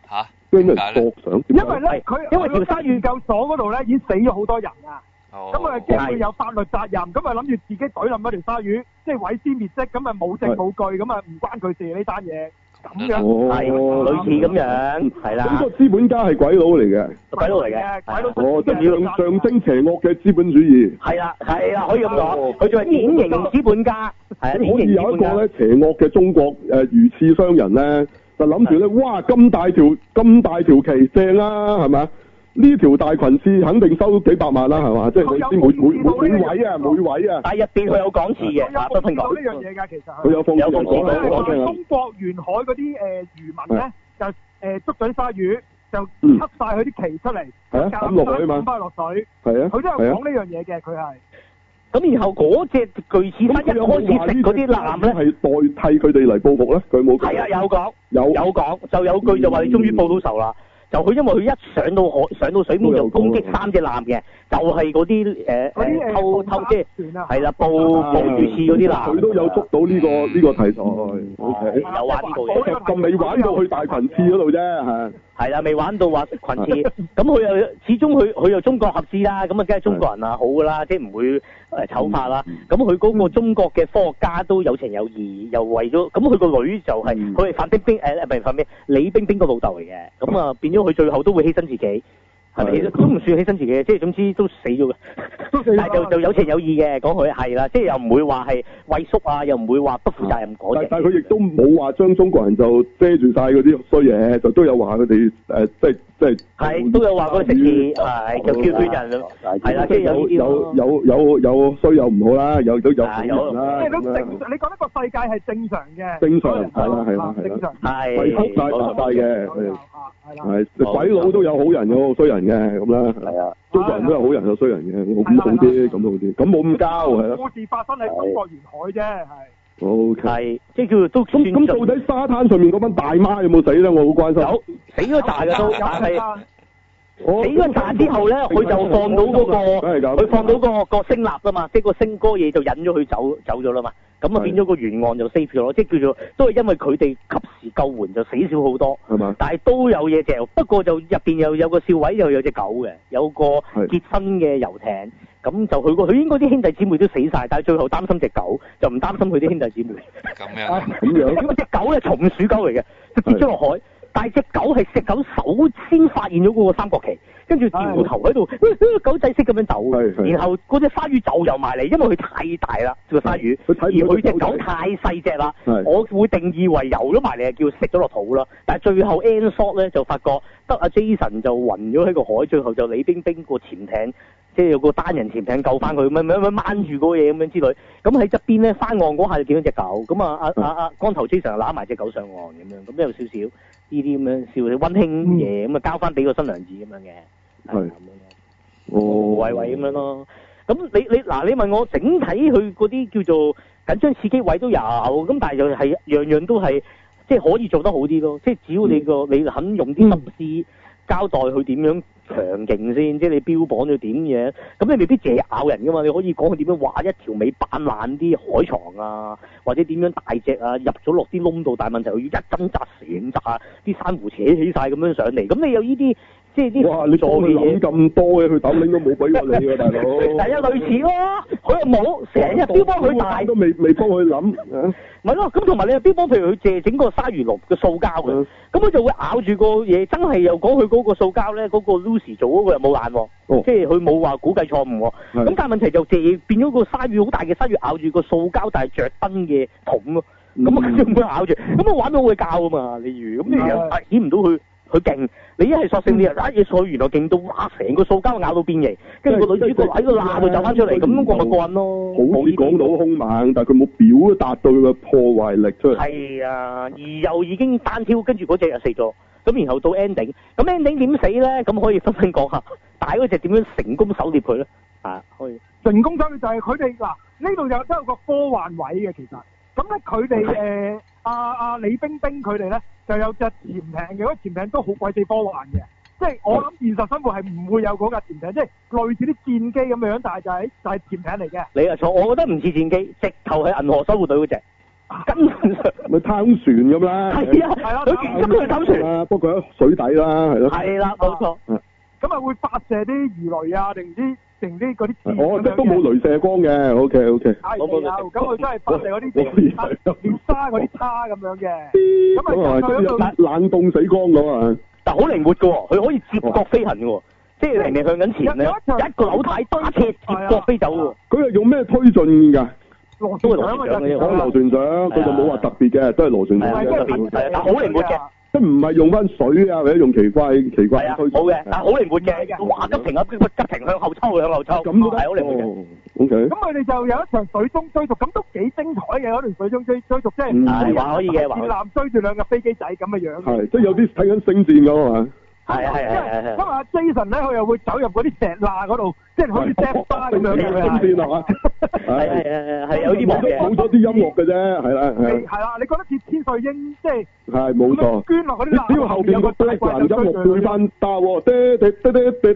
嚇？因為妄想，因為咧佢，因為嗰間研究所嗰度咧已經死咗好多人啊，咁啊驚佢有法律責任，咁啊諗住自己懟冧嗰條鯊魚，即係毀屍滅跡，咁啊冇證冇據，咁啊唔關佢事呢單嘢，咁、哦、樣係類似咁樣，係啦。咁個資本家係鬼佬嚟嘅，鬼佬嚟嘅，鬼佬，即係象徵邪惡嘅資本主義。係啦，係啦，可以咁講，佢仲係典型資本家，係好似有一個咧邪惡嘅中國誒魚翅商人咧。就諗住咧，哇！咁大條咁大條旗正啦，係咪啊？呢條大裙翅肯定收幾百萬啦，係嘛？即係先每每每，每位啊，每位啊。但係入邊佢有講詞嘅、啊，嗱，不平等。呢樣嘢㗎，其實。佢有報導。因為中國沿海嗰啲誒漁民咧、啊，就誒、呃、捉水鯊魚，就吸晒佢啲旗出嚟，攪翻落水嘛，攪翻落水。係啊。佢都有講呢樣嘢嘅，佢係。咁然後嗰隻巨齒鯊一開始食嗰啲男咧，係代替佢哋嚟報復呢，佢有冇講？係啊，有講有有講，就有句就話你終於報到仇啦。嗯就佢，因為佢一上到海，上到水面就攻擊三隻男嘅，就係嗰啲偷偷即係係啦，佈佈魚翅嗰啲男。佢都有捉到呢、這個呢、嗯這個題材。OK，啊、有玩呢部，我其實未玩到去大群刺嗰度啫。係啦，未、嗯啊、玩到話群刺。咁佢又始終佢佢又中國合資啦，咁啊，梗係中國人啊，好噶啦，即係唔會誒醜化啦。咁佢嗰個中國嘅科學家都有情有義，又為咗咁佢個女就係佢係范冰冰誒，唔係范冰冰李冰冰個老豆嚟嘅，咁啊變咗。佢最後都會犧牲自己，係咪？其實都唔算犧牲自己，即係總之都死咗嘅。係就就有情有義嘅講佢係啦，即係又唔會話係畏縮啊，又唔會話不負責任嗰、啊那個、但係佢亦都冇話將中國人就遮住晒嗰啲衰嘢，就都有話佢哋誒，即係即係係都有話個政治係就叫衰人咯。係啦，即係有、啊叫叫捐捐啊啊、即有有有有衰有唔好啦，有都有負面啦。即係都正常。你覺得個世界係正常嘅，正常係啦係啦係正常，係、啊。大晒嘅。係，鬼佬都有好人嘅，衰人嘅，咁啦。係啊，中國人都有好人有衰人嘅，我估、啊、好啲咁、啊、好啲，咁冇咁交，係啦、啊啊啊啊，故事發生喺中國沿海啫，係。O K，係即叫做都。咁咁到底沙灘上面嗰班大媽有冇死咧？我好關心。有，死咗大嘅都， 但是 死咗人之後咧，佢就放到嗰、那個，佢放到個聲納啊嘛，即、就、係、是、個星哥嘢，就引咗佢走，走咗啦嘛。咁啊變咗個懸案就 safe 咗囉，即、就、係、是、叫做都係因為佢哋及時救援就死少好多。係嘛，但係都有嘢嘅，不過就入邊有有個少尉又有隻狗嘅，有個結婚嘅遊艇，咁就去過佢應該啲兄弟姊妹都死晒，但係最後擔心隻狗，就唔擔心佢啲兄弟姊妹。咁樣，咁、啊、隻狗係松鼠狗嚟嘅，跌咗落海。但係隻狗係食狗，首先發現咗嗰個三角旗，跟住掉頭喺度、哎嗯，狗仔式咁樣走。哎、然後嗰隻鯊魚就游埋嚟，因為佢太大啦，隻鯊魚。而佢隻狗太細隻啦，我會定義為游咗埋嚟係叫食咗落肚啦。但係最後 End Shot 咧就發覺得阿 Jason 就暈咗喺個海，最後就李冰冰個潛艇即係、就是、有個單人潛艇救翻佢，咁樣掹住個嘢咁樣之類。咁喺側邊咧翻岸嗰下就見到隻狗，咁啊阿阿阿光頭 Jason 就攬埋隻狗上岸咁樣，咁有少少。呢啲咁樣笑你溫馨嘢，咁啊交翻俾個新娘子咁樣嘅，咁、嗯、咯，哦喂喂咁樣咯。咁你你嗱，你問我整體佢嗰啲叫做緊張刺激位都有，咁但係又係樣樣都係即係可以做得好啲咯，即係只要你個、嗯、你肯用啲心思。嗯交代佢點樣強勁先，即係你標榜咗點嘢，咁你未必淨係咬人噶嘛，你可以講佢點樣畫一條尾扮爛啲海床啊，或者點樣大隻啊，入咗落啲窿度，但問題佢要一針扎成紮啲珊瑚扯起曬咁樣上嚟，咁你有呢啲即係啲個你諗咁多嘅，佢膽拎都冇俾過你喎、啊，大佬。第 一有類似喎，佢又冇成日標榜佢大，都未未幫佢諗。 咪咯，咁同埋你邊幫？譬如佢借整個鯊魚籠嘅塑膠嘅，咁、嗯、佢就會咬住個嘢。真係又講佢嗰個塑膠呢，嗰、嗰個 Lucy 做嗰個又冇爛喎，即係佢冇話估計錯誤。咁但係問題就借變咗個鯊魚好大嘅鯊魚咬住個塑膠，但係著燈嘅桶喎。咁、嗯、啊、嗯、咬住，咁、嗯、我玩到會教㗎嘛。例如咁，你又揀唔到佢。佢勁，你一係索性你又一嘢掃，完就勁到哇，成個塑膠咬到變形，跟住個女主角喺個罅度走翻出嚟，咁個咪個人咯。好，講到兇猛，沒但係佢冇表達到佢嘅破壞力出嚟。係啊，而又已經單挑，跟住嗰隻又死咗，咁然後到 ending，咁 ending 點死咧？咁可以分分講下，大嗰隻點樣成功狩獵佢咧？啊，可以。成功狩獵就係佢哋嗱，呢度又都有個科幻位嘅其實，咁咧佢哋誒阿阿李冰冰佢哋咧。就有隻潛艇嘅，嗰、那個、潛艇都好鬼死科幻嘅，即係我諗現實生活係唔會有嗰架潛艇，即係類似啲戰機咁樣，但係就係、是、就係、是、潛艇嚟嘅。你又錯，我覺得唔似戰機，直頭係銀河守護隊嗰隻，根本上咪撐船咁啦。係啊，係 咯，佢係、啊啊啊、船啊，不過佢喺水底啦，係咯、啊。係啦、啊，冇、啊、錯。咁啊，就會發射啲魚雷啊，定唔知？定啲嗰啲字，都冇雷射光嘅，OK OK，係啊，咁佢真係發射嗰啲沙，嗰啲沙咁樣嘅，咁啊一、那個、冷凍死光咁啊！但係好靈活嘅喎，佢可以接角飛行嘅喎、哦，即係、啊、人哋向緊前咧，一個扭帶打斜接角飛走嘅喎。佢係用咩推進㗎、就是啊啊？都係螺旋槳，佢就冇話特別嘅，都係螺旋槳嘅，係啊，但係好靈活嘅。即唔係用翻水啊，或者用奇怪奇怪的啊，推，冇嘅，但係好靈活嘅。哇！急停啊，急停向後抽，向後抽，係好靈活嘅。O K，咁佢哋就有一場水中追逐，咁都幾精彩嘅。可能水中追追逐即係話、嗯嗯、可以嘅話，戰艦追住兩架飛機仔咁嘅樣,樣，係即有啲睇緊星戰㗎嘛。係啊係啊因啊，因為 Jason 咧，佢又會走入嗰啲石罅嗰度，即係好似石花咁樣嘅。係係係係有啲冇嘅，冇咗啲音樂嘅啫，係啦係。係啦，你覺得鐵千歲已經即係，係冇錯，捐落嗰啲啦。只要後邊嗰堆人音樂變山打，喋喋喋喋喋喋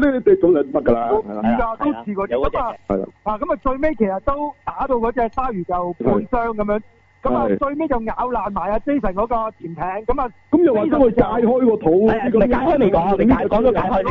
喋，總之係乜㗎啦，係啦係啦。我試過都試過啲咁啊，係啦。嗱咁啊，最尾其實都打到嗰隻鯊魚就半傷咁樣，咁啊最尾就咬爛埋阿 Jason 嗰個潛艇，咁啊咁又話將佢解開個肚，係啊，你解開未講？你解講咗解開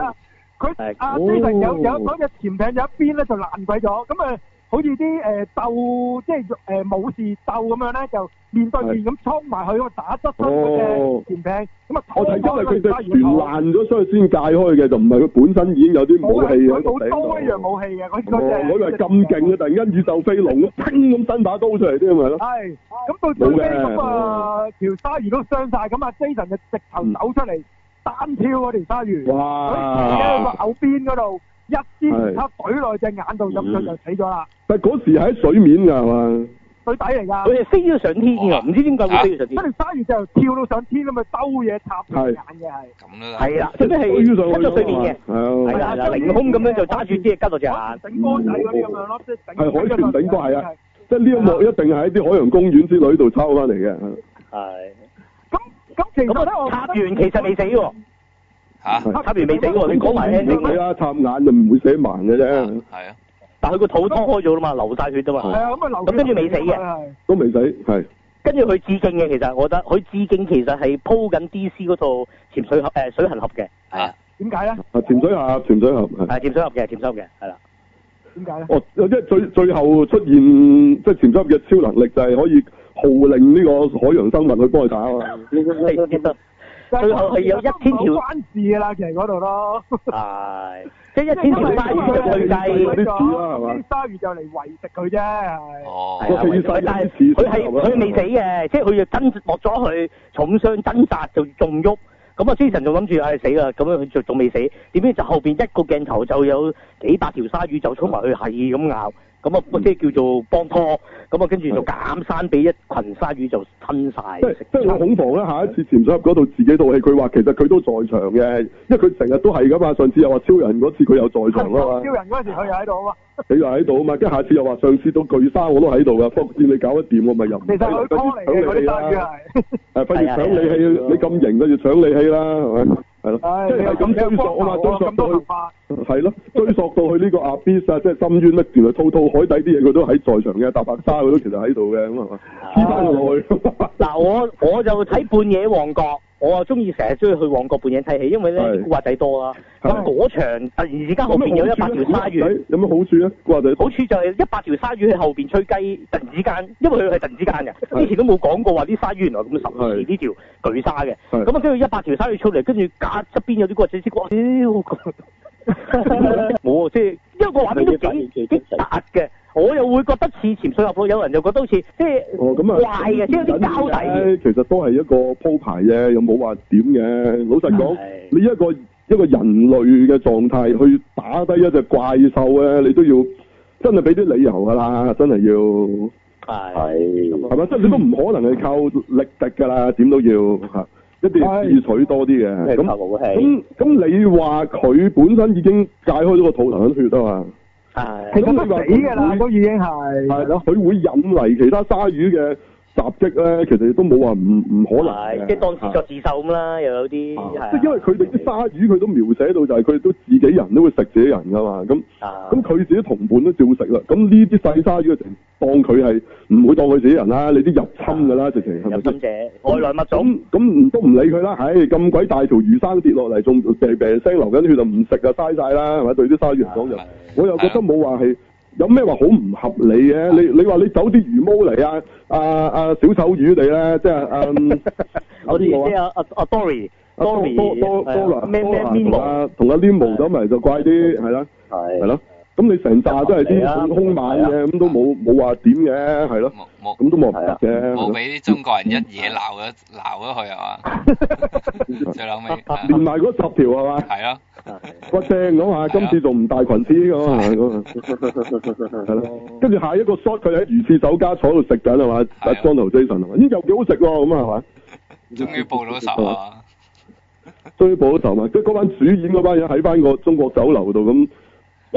先。佢阿 Jason 有，有嗰隻鉗柄有一邊咧，就爛鬼咗，咁啊，好似啲誒鬥即係誒武士鬥咁樣咧，就面對面咁衝埋去嗰個打側身嘅鉗柄，咁啊，哦，睇出嚟佢隻鉗爛咗，所以先解開嘅，就唔係佢本身已經有啲武器喺度。佢冇刀一樣武器嘅，嗰嗰隻。哦，我以為咁勁嘅，突然間宇宙飛龍，砰咁伸把刀出嚟，啲咪咯。係，咁到時咧咁啊，條鯊魚都傷晒，咁啊，Jason 就直頭走出嚟。單挑嗰條鯊魚，佢自己個口邊嗰度一支插叉懟落去隻眼度，咁就就死咗啦。但嗰時喺水面噶嘛，水底嚟噶，佢哋飛咗上天噶，唔知點解會飛咗上天。嗰條鯊魚就跳到上天，咁咪兜嘢，插眼嘅係。咁係啦，即係出咗水面嘅，係啦、啊，即、啊啊啊啊啊啊啊啊、凌空咁樣就揸住支嘢，跟住頂波仔啲咁樣。係海豚頂，係啊，即係呢一幕一定喺啲海洋公園之類度抄翻嚟嘅。係。咁插完其實未死喎、啊。插完未死喎、啊啊，你講埋咧。唔會、嗯、啊，探眼就唔會寫盲嘅啫。係啊，但係佢個肚劏開咗啦嘛，嗯、流晒血啊嘛。係啊，咁、嗯、啊流。咁跟住未死嘅、啊。都未死，係、啊。跟住佢致敬嘅，其實我覺得，佢致敬其實係鋪緊 DC 嗰套潛水盒，誒水痕盒嘅。啊。點解咧？水水啊！潛水盒，潛水盒係。係潛水盒嘅潛水嘅係啦。點解咧？哦，即係最最後出現即係、就是、潛水盒嘅超能力就係可以。號令呢個海洋生物去幫佢打啊！ 最後係有一千條關事噶啦，其實嗰度咯，係即係一千條鯊魚都去計啲字係嘛？鯊魚就嚟圍食佢啫，哦，佢佢係佢未死嘅，即係佢要掹落咗去，重傷掙扎就仲喐。咁啊，C 神就諗住唉死啦，咁樣佢就仲未死，點知就後邊一個鏡頭就有幾百條鯊魚就衝埋去係咁咬。咁、嗯、啊，即係叫做幫拖，咁啊，跟住就減山俾一群鯊魚就吞晒。即係我好恐防啦！下一次潛水入嗰度自己套戲，佢話其實佢都在場嘅，因為佢成日都係噶嘛。上次又話超人嗰次佢又在場囉，超人嗰次佢又喺度啊嘛。你又喺度啊嘛，跟 下次又話上次到巨鯊，我都喺度噶。福知你搞一掂，我咪又。其實佢拖嚟嘅。係，不如搶你氣，你咁型嘅要搶你氣啦，係咪？係，即係咁追索啊嘛，追索去，係咯， 追溯到去呢個 abyss 啊，即係深淵乜，住，實套套海底啲嘢，佢都喺在，在場嘅大 白鯊，佢都其實喺度嘅，咁啊嘛，黐翻落去。嗱、啊，我我就睇半夜旺角。我啊中意，成日中意去旺角半夜睇戲，因為咧古惑仔多啦，啊。咁嗰，那個，場突然之間後邊有一百條鯊魚，有咩好處咧？古惑仔好處就係一百條鯊魚喺後邊吹雞，突然之間，因為佢係突然之間嘅，之前都冇講過話啲鯊魚原來咁十字呢條巨鯊嘅。咁啊，跟住一百條鯊魚出嚟，跟住隔側邊有啲古惑仔先講，冇，哎，我即係， 因為個畫面啲幾大嘅。我又會覺得似潛水入去，有人又覺得好似即係怪嘅，即係啲膠底嘅。其實都係一個鋪排啫，又冇話點嘅。老實講，你一個一個人類嘅狀態去打低一隻怪獸嘅，你都要真係俾啲理由㗎啦，真係要係係，係咪即係你都唔可能係靠力敵㗎啦？點都要吓，一定要智取多啲嘅。咁咁咁，你話佢本身已經解開咗個肚流血啊嘛？係咁死噶啦，都已經係係啦，佢會引嚟其他鯊魚嘅。襲擊咧，其實亦都冇話唔唔可能，即係、就是、當自作自受咁啦，又有啲，即係因為佢哋啲鯊魚，佢都描寫到就係佢哋都自己人都會食自己人噶嘛，咁咁佢自己同伴都照食啦，咁呢啲細鯊魚就當佢係唔會當佢自己人啦，你啲入侵噶啦，直情入侵者，外來物種，咁都唔理佢啦，唉，咁鬼大條魚生跌落嚟，仲病病聲流緊血就唔食啊？嘥晒啦，係咪對啲鯊魚嚟講，就我又覺得冇話係。有咩話好唔合理嘅？你你話你走啲魚毛嚟啊！啊啊小丑魚嚟咧，即係嗯，有啲我啊阿阿多瑞，多多多多啦，多啊同阿 Limo 咗埋就乖啲，係啦，係、啊，係咯、um, 啊。咁、嗯、你成扎都係啲空買嘅，咁都冇冇話點嘅，係囉，咁都冇辦法嘅。冇俾啲中國人一嘢鬧咗鬧咗佢係咪？ 最後尾，連埋嗰十條係咪？係咯，骨正咁啊！今次仲唔帶裙子㗎？嘛，係咯，跟住下一個 shot，佢喺魚翅酒家坐度食緊係嘛？John Jason 咦又幾好食喎咁啊係咪？終於報咗仇啊！終、啊、於報咗仇啊！跟嗰班主演嗰班嘢喺翻個中國酒樓度咁。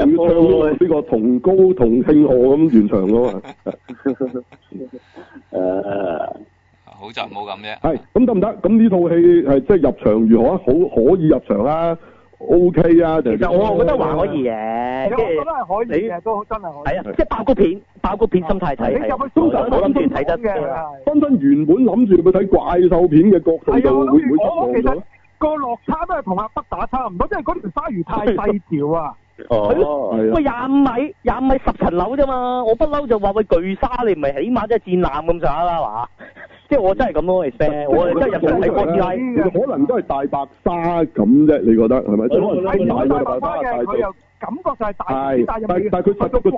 要唱呢個同高同慶賀咁完場咯、啊 uh, 好就冇咁啫。係咁得唔得？咁呢套戲即係入場如何好可以入場啦、啊、，OK 啊？其實我覺得還可以嘅，我覺得係可以嘅，都真係可以。啊，即係爆谷片，爆谷片心態睇，真入去。諗睇、啊啊、得嘅、啊。當真、啊啊、原本諗住去睇怪獸片嘅角度都、哎、唔、啊、會錯過咗。那個落差都係同阿北打差唔多，即係嗰條鯊魚太細條啊！ 哦、啊，喂，廿五米，廿五米十層樓啫嘛，我不嬲就話喂，巨沙，你唔係起碼都係戰艦咁上下啦嘛，即係我真係咁咯 e x p e 真係入去睇國際。其實、啊啊、可能都係大白沙咁啫，嗯、你覺得係咪？嗯、可能大大白。感覺就係大，大，但但但佢實質個處理，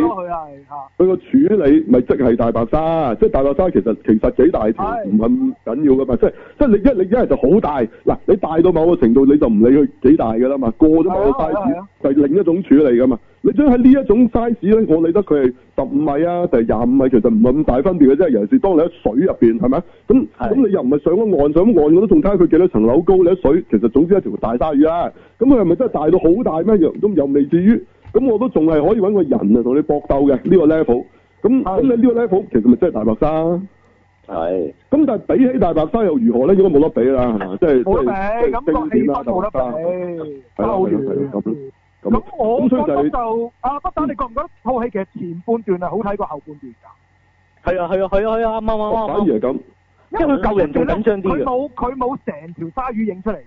佢個、啊、處理咪即係大白鯊，即、就、係、是、大白鯊其實其實幾大啫，唔係咁緊要噶嘛，即係即係你一你一係就好大，嗱你大到某個程度你就唔理佢幾大噶啦嘛，過咗某個大處係、啊啊就是、另一種處理噶嘛。你想喺呢一種 size 咧，我理得佢係十五米啊，定係廿五米，其實唔係咁大分別嘅啫。尤其是當你喺水入面，係咪？咁咁你又唔係上咗岸上岸，我都仲睇佢幾多層樓高。喺水其實總之一條大鯊魚啦。咁佢係咪真係大到好大咩？又都又未至於。咁我都仲係可以搵個人啊同你搏鬥嘅呢、呢個 level。咁咁你呢個 level 其實咪真係大白鯊？係。咁但係比起大白鯊又如何咧？應該冇得比啦，係咪？即係冇得比，感覺氣質係係咁。咁咁所以就阿、是、不打你覺唔、嗯、覺得套戲其實前半段係好睇過後半段噶？係啊，係啊，係啊，係啊，啱啱啱。反而係咁，因為佢救人仲緊張啲佢冇佢冇成條鯊魚影出嚟嘅。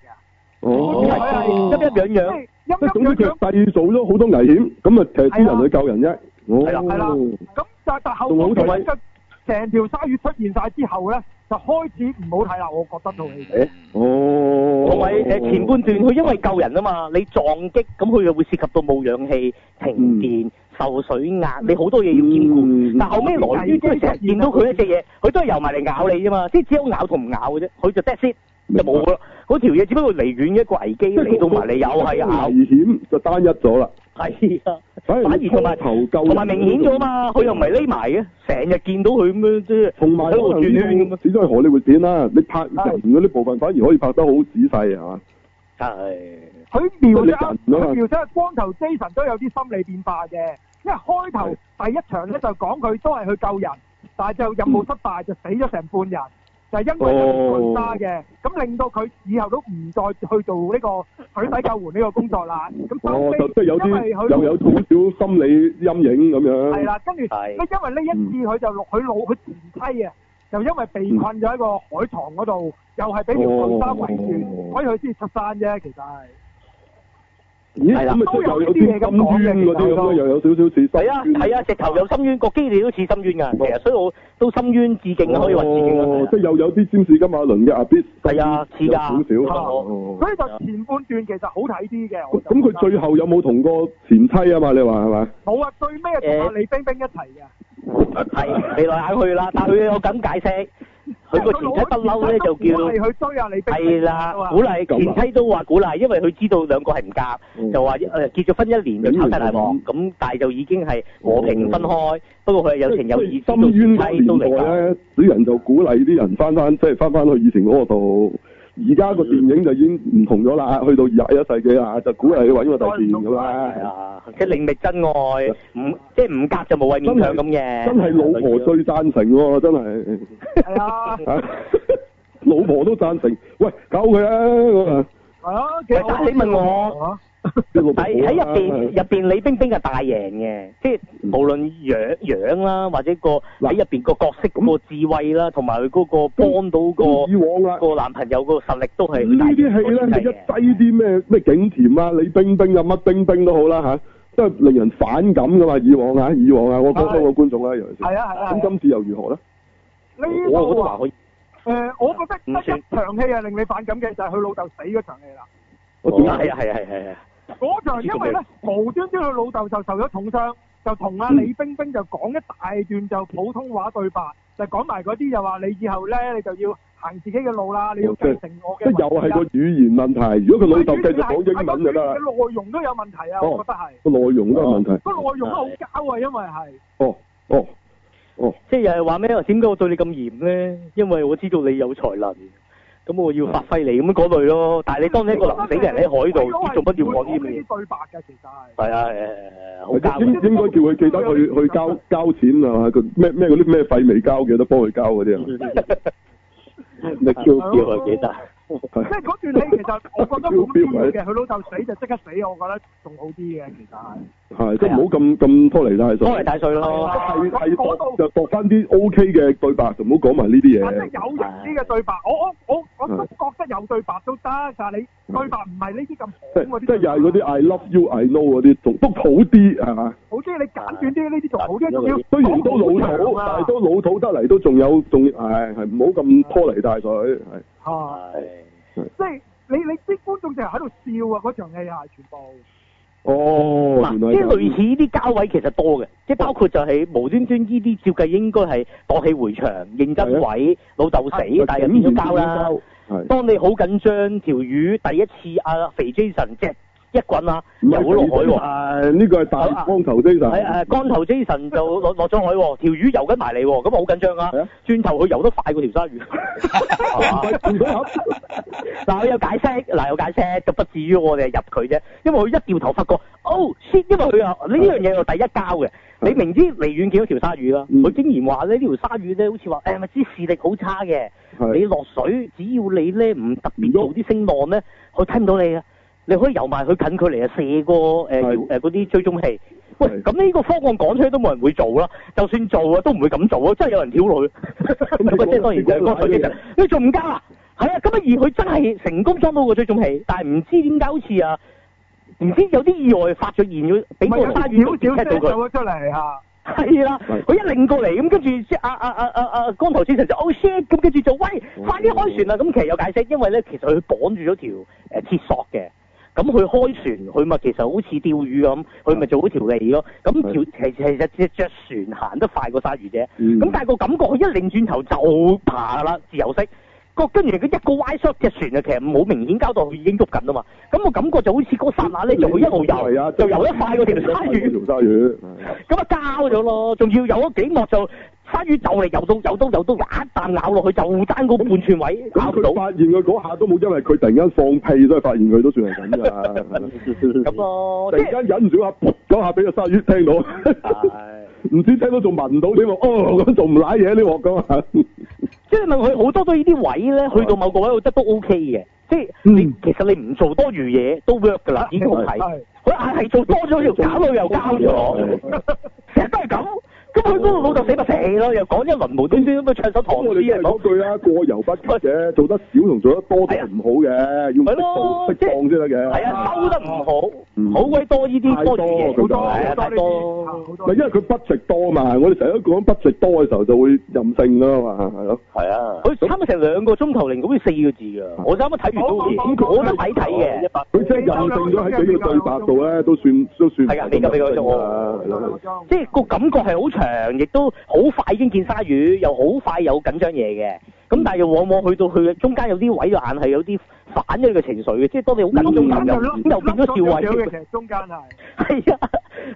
哦，佢係一一樣樣，一一樣因為佢第二組咯，好、啊、多危險，咁、嗯、啊，就係人去救人啫、啊。哦，係啦係啦。咁但、啊、但後半段咧，成條鯊魚出現晒之後咧。就開始唔好睇啦，我覺得到戲、欸、哦，同埋前半段佢因為救人啊嘛，你撞擊咁佢又會涉及到冇氧氣、停電、受水壓，嗯、你好多嘢要兼顧、嗯嗯。但後尾來，來於即成日見到佢一隻嘢，佢都係遊埋嚟咬你啫嘛，即係只有咬同唔咬嘅啫，佢就 dead 先就冇咯。嗰條嘢只不過離遠一個危機嚟，來到埋嚟有係危險就單一咗啦。係啊，反而同埋同埋明顯咗嘛，佢又唔係匿埋嘅，成日見到佢咁樣即係，同埋喺度轉圈咁啊，始終係荷里活片啦、啊，你拍人嗰啲部分反而可以拍得好仔細啊嘛，係、啊，佢描咗佢描咗光頭 Jason、啊、都有啲心理變化嘅，因為開頭第一場咧就講佢都係去救人，但係就任務失敗、嗯、就死咗成半人。就係、是、因為被困沙嘅，咁、哦、令到佢以後都唔再去做呢、這個水底救援呢個工作啦。咁收尾，因為佢又有少少心理陰影咁樣。係啦，跟住，因為呢一次佢就落，佢老佢前妻啊，就因為被困咗喺個海床嗰度，又係俾條沙圍住、哦，所以佢先出山啫。其實係。係啦，即、啊、有啲深淵嗰啲咁啊，又有少少似。係啊，係啊，直頭有深淵，個基地都似深淵噶、哦。其實所以我都深淵致敬可以話。致敬啊！即又有啲占士金馬倫嘅 Abyss 係啊，似噶、啊。少少、哦，所以就前半段其實好睇啲嘅。咁佢、啊、最後有冇同個前妻啊？嘛，你話係咪？好啊，最尾係同李冰冰一齊嘅。一、欸、 未嚟來去去啦，但係佢有咁解釋。佢個前妻不嬲咧，就叫係啦，啊啊，鼓勵前妻都話鼓勵，因為佢知道兩個係唔夾，哦，就話誒結咗婚一年就拆西大房，咁，嗯、但係就已經係和平分開。哦，不過佢係有情有義，心，哦，都都都都啲人就鼓勵啲人返返，即係返返去以前嗰度。而家個電影就已經唔同咗啦，去到廿一世紀啊，就鼓勵你搵個第二個咁啦。啊，即係另覓真愛，唔即係唔夾就冇謂勉強咁嘅。真係老婆最贊成的，真係。係啊。 老婆都贊成，喂，搞佢啊！係啊。喂，但你問我？啊喺喺入邊入邊，李冰冰係大贏嘅，即係無論樣樣啦，或者個喺入邊個角色咁個智慧啦，同埋佢嗰個幫到個以往啦、啊、個男朋友個實力都係。這些戲呢啲戲咧，一低啲咩咩景甜啊，的李冰冰啊乜冰冰都好啦、啊、吓，都係令人反感噶嘛。以往啊，以往啊，的我講翻個觀眾啦，尤其是。係啊係啊。咁今次又如何咧？我、這個、話覺得還可以。誒，我覺得一場戲啊令你反感嘅就係佢老豆死嗰場戲啦。哦，係啊係啊係啊係啊。呃嗰場因為咧無端端佢老豆就受咗重傷，就同阿李冰冰就講一大段就普通話對白，嗯、就講埋嗰啲就話你以後咧你就要行自己嘅路啦、哦，你要繼承我嘅。即又係個語言問題，如果佢老豆繼續講英文就得啦。個內容都有問題啊，哦、我覺得係。個、哦、內容都有問題。個、哦哦哦、內容都好搞喎，因為係。哦哦哦。即係又係話咩？點解我對你咁嚴咧？因為我知道你有才能。咁我要發揮你咁樣嗰類咯，但係你當你一個臨死嘅人喺海度，你仲不斷講啲咩？係啊係係係，好應應該叫佢記得佢去，去交交錢係咩咩嗰啲咩費未交嘅，得幫佢交嗰啲啊？ 你叫叫佢記得。 即係嗰段戲，其實我覺得冇必要嘅。佢老豆死就即刻死，我覺得仲好啲嘅。其實係即係唔好咁咁拖泥帶水。拖泥帶水咯，係係、啊、就搏翻啲 O K 嘅對白，就唔好講埋呢啲嘢。即係有型啲嘅對白，我我我我我覺得有對白都得，但係你對白唔係呢啲咁即係又係嗰啲 I love you I know 嗰啲，仲都好啲係嘛？是知好啲你簡短啲呢啲仲好啲，雖然都老土，啊、但係都老土得嚟，都仲有仲係係唔好咁拖泥帶水係。係。係即係、 就是、你你啲觀眾就喺度笑啊！嗰場戲、哦、啊，全部哦即係類似呢啲交位其實多嘅，即、哦、係包括就係無端端呢啲照計應該係蕩氣回腸、認真位老豆死，但係唔交啦。當你好緊張條魚第一次阿、啊、肥 Jason 即係一滾啊！游落海喎、啊！呢個係大光頭 Jason，係光頭 Jason 就落 落咗海喎、啊，條魚遊緊埋嚟喎，咁好緊張啊！啊轉頭佢游得快過、啊、條鯊魚。嗱 佢、 啊、 有解釋，嗱有解釋，有解釋就不至於我哋入佢啫，因為佢一掉頭發覺 哦，先，shit！因為佢啊，呢 為他 樣嘢係第一交嘅， 你明知離遠見到條鯊魚啦，佢、 嗯、竟然話咧呢條鯊魚咧好似話誒，咪、 哎、知視力好差嘅， 你落水只要你咧唔特別做啲聲浪咧，佢睇唔到你你可以游埋去近距離啊射個誒嗰啲追蹤器。喂，咁呢個方案講出去都冇人會做啦。就算做啊，都唔會咁做啊。真係有人跳落去。喂，係當然係江、嗯嗯、頭先生，你做唔加啊？係啊，今日而佢真係成功裝到個追蹤器，但係唔知點解好似啊，唔知有啲意外發咗現要俾佢發現，釘、嗯、出嚟啊！係、啊、啦，佢一擰過嚟咁，跟住即係阿阿阿阿阿江頭先生就 Oh、哦、shit！咁跟住就喂，哦、快啲開船啦！咁其實有解釋，因為咧其實佢綁住咗條、呃、鐵索嘅。咁佢開船，佢咪其實好似釣魚咁，佢咪做好條脷咯。咁條其其實隻隻船行得快過鯊魚啫。咁、嗯、但係個感覺，佢一擰轉頭就爬啦，自由式。個跟住佢一個 y shot 嘅船啊，其實冇明顯交到，佢已經喐緊啦嘛。咁、個感覺就好似嗰剎那咧，仲一路游，就游、嗯、得快過條鯊魚。條鯊魚。咁啊，交咗咯，仲要有幾幕就。鯊魚就嚟游到游到游到，一啖咬落去就爭嗰半寸位咬唔到。發現佢嗰下都冇，因為佢突然間放屁都係發現佢都算係咁噶啦。咁 咯那我， 突然間忍唔住啊，咗下俾個鯊魚聽到，唔 知聽到仲聞到添、這、喎、個。哦，咁仲瀨嘢呢鑊噶即係問佢好多都呢啲位咧，去到某個位，我覺得都 OK 嘅、嗯。即係你其實你唔做多馀嘢都 work 噶啦，已經好睇。佢硬係做多咗條假，佢又交咗，成日 都係咁。咁佢嗰老豆死咪死咯？又講一輪無端端咁去唱首唐詩啊！講句啊，過猶不及嘅，做得少同做得多都唔好嘅、啊，要收得、啊、當先得嘅。係啊，收得唔好，啊嗯、好鬼多呢啲多嘢多，多、嗯，啊、多。因為佢不食多嘛？嗯、我哋成日都講不食多嘅時候就會任性啦嘛，係咯，係啊。佢、啊、差唔多成、嗯、兩個鐘頭零，好似四個字㗎。我啱啱睇完我都睇睇嘅。佢真即係任性咗喺幾個對白度咧，都算都算。係啊，呢比較即係個感覺係好亦都好快已經見鯊魚又好快有緊張嘢嘅，咁但係又往往去到去，中間，有啲位就硬係有啲。反咗你嘅情緒嘅，即係當你好緊張咁、嗯、又，又變咗笑位嘅，其實中間係係啊，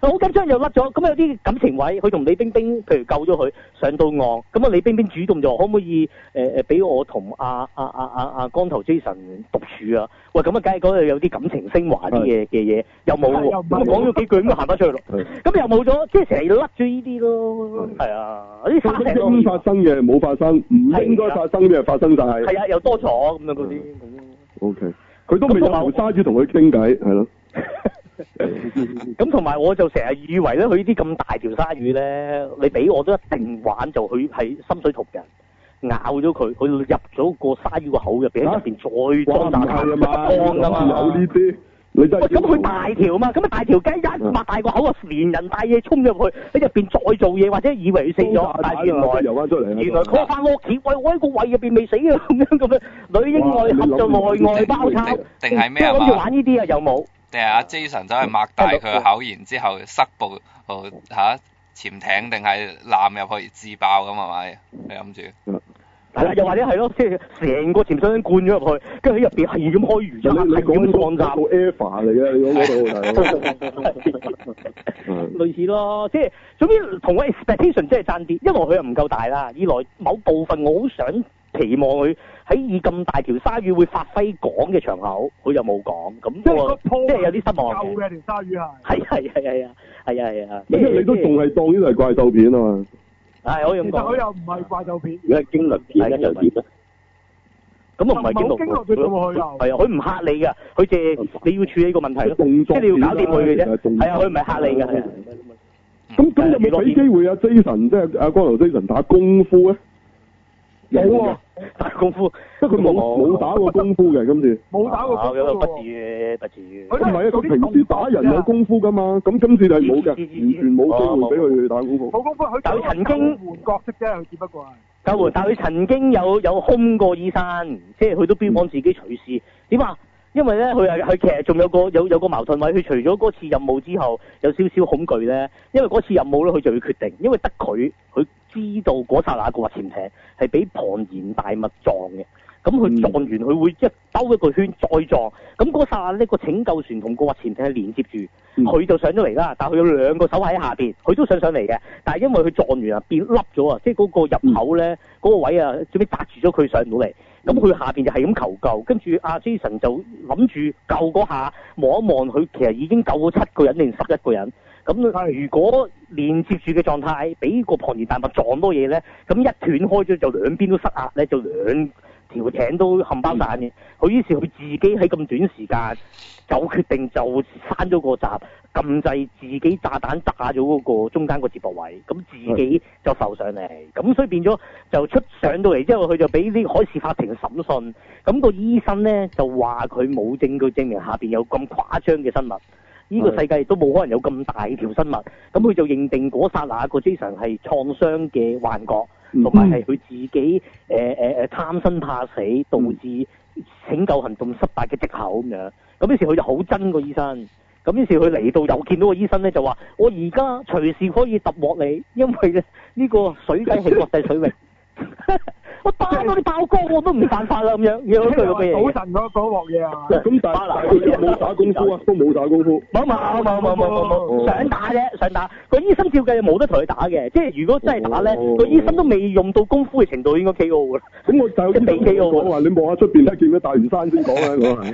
好緊張又甩咗，咁有啲感情位，佢同李冰冰譬如救咗佢上到岸，咁啊李冰冰主動就可唔可以誒誒俾我同阿阿阿阿阿光頭 Jason 獨處啊？喂，咁啊梗係嗰度有啲感情升華啲嘅嘅嘢又冇，咁講咗幾句咁啊行翻出去咯，咁又冇咗，即係成日甩咗呢啲咯，係啊，啲發生嘅冇發生，唔應該發生嘅發生曬，係啊、就係，又多咗咁樣嗰啲。O K，佢都未有條鯊魚同佢傾偈，係咯。咁同埋我就成日以為咧，佢呢啲咁大條鯊魚咧，你俾我都一定玩，就佢係深水屠人咬咗佢，佢入咗個鯊魚個口入邊，喺入邊再裝炸彈，多啊嘛！ 有呢啲。咁佢大條嘛，咁啊大條雞一擘大個口啊，連人帶嘢衝入去，喺入邊再做嘢，或者以為佢死咗，但原來翻出嚟，原來 call 翻屋企，喂喺個胃入邊未死啊，咁樣咁樣女英外合就內外，外包抄，定係咩啊嘛？諗住玩呢啲啊，有、嗯、冇？定係阿 Jason 走去擘大佢口，然之後塞部部吓潛艇定係攬入去自爆咁係咪？你諗住？係、嗯、啦，又或者係咯，即係成個潛水樽灌咗入去，跟住喺入邊係咁開魚，係咁擴炸，Ever 嚟嘅，你度係 是 類似咯，即係總之同我 expectation 即係爭啲，一來佢又唔夠大啦，二來某部分我好想期望佢喺以咁大條鯊魚會發揮講嘅場口，佢又冇講，咁即係有啲失望嘅。舊嘅條鯊魚係，係係係啊，係啊係啊。你都仲係當呢個係怪獸片啊嘛。係，我有講。其實佢又唔係怪獸片，佢係驚悚片，而家咁我唔係驚悚。冇驚去係啊，佢唔嚇你㗎，佢借你要處理個問題，即係、啊、你要搞掂佢嘅啫。係啊，佢唔係嚇你㗎。咁咁、啊嗯啊、有冇俾機會啊 Jason 即係阿光頭 Jason 打功夫咧？冇啊，打功夫，即係佢冇冇打過功夫嘅，今次冇打過功夫、啊不，不至於不至唔係啊，佢平時打人有功夫噶嘛，咁、就是啊、今次就係冇嘅，完全冇機會俾、啊、佢打功夫。冇功夫，但佢曾經換角色啫，佢只不過係。救援，但佢曾經有有空過醫生，即係佢都標榜自己隨時點啊！因為咧，佢係佢其實仲有個有有個矛盾位。佢除咗嗰次任務之後，有少少恐懼咧。因為嗰次任務咧，佢就要決定，因為得佢佢知道嗰剎那個核潛艇係俾龐然大物撞嘅。咁、嗯、佢撞完，佢會即係兜一個圈再撞。咁嗰剎那呢個拯救船同個核潛艇係連接住，佢、嗯、就上咗嚟啦。但佢有兩個手喺下邊佢都想上嚟嘅。但係因為佢撞完啊，變凹咗啊，即係嗰個入口咧嗰、嗯嗰個位啊，最尾搭住咗佢上唔到嚟。咁佢下邊就係咁求救，跟住阿 Jason 就諗住救嗰下，望一望佢其實已經救咗七個人定十一個人。咁啊，如果連接住嘅狀態俾個龐然大物撞多嘢咧，咁一斷開咗就兩邊都失壓咧，就兩。條艇都冚包彈嘅，佢於是佢自己喺咁短時間就決定就閂咗個閘，禁制自己炸彈炸咗嗰個中間個接駁位，咁自己就浮上嚟，咁所以變咗就出上到嚟之後，佢就俾呢海事法庭嘅審訊，咁、那個醫生呢，就話佢冇證據證明下面有咁誇張嘅生物，呢、這個世界都冇可能有咁大條生物，咁佢就認定嗰剎那，那個非常係創傷嘅幻覺。同埋係佢自己誒誒誒貪生怕死，導致拯救行動失敗嘅借口咁樣。咁於是佢就好憎個醫生。咁於是佢嚟到又見到個醫生咧，就話：我而家隨時可以揼落你，因為咧呢個水底係國際水域。 我打到你爆光，我都唔犯法啦咁樣。你好神，嗰嗰幕嘢啊！咁但係冇打功夫啊，都冇打功夫。冇冇冇冇冇冇，想打啫，想打。個醫生叫計冇得同佢打嘅，即係如果真係打咧，個醫生都未用到功夫嘅程度，應該 K O 㗎。咁我就唔敢我話。你望下出邊咧，見佢大嶼山先講咧？我係。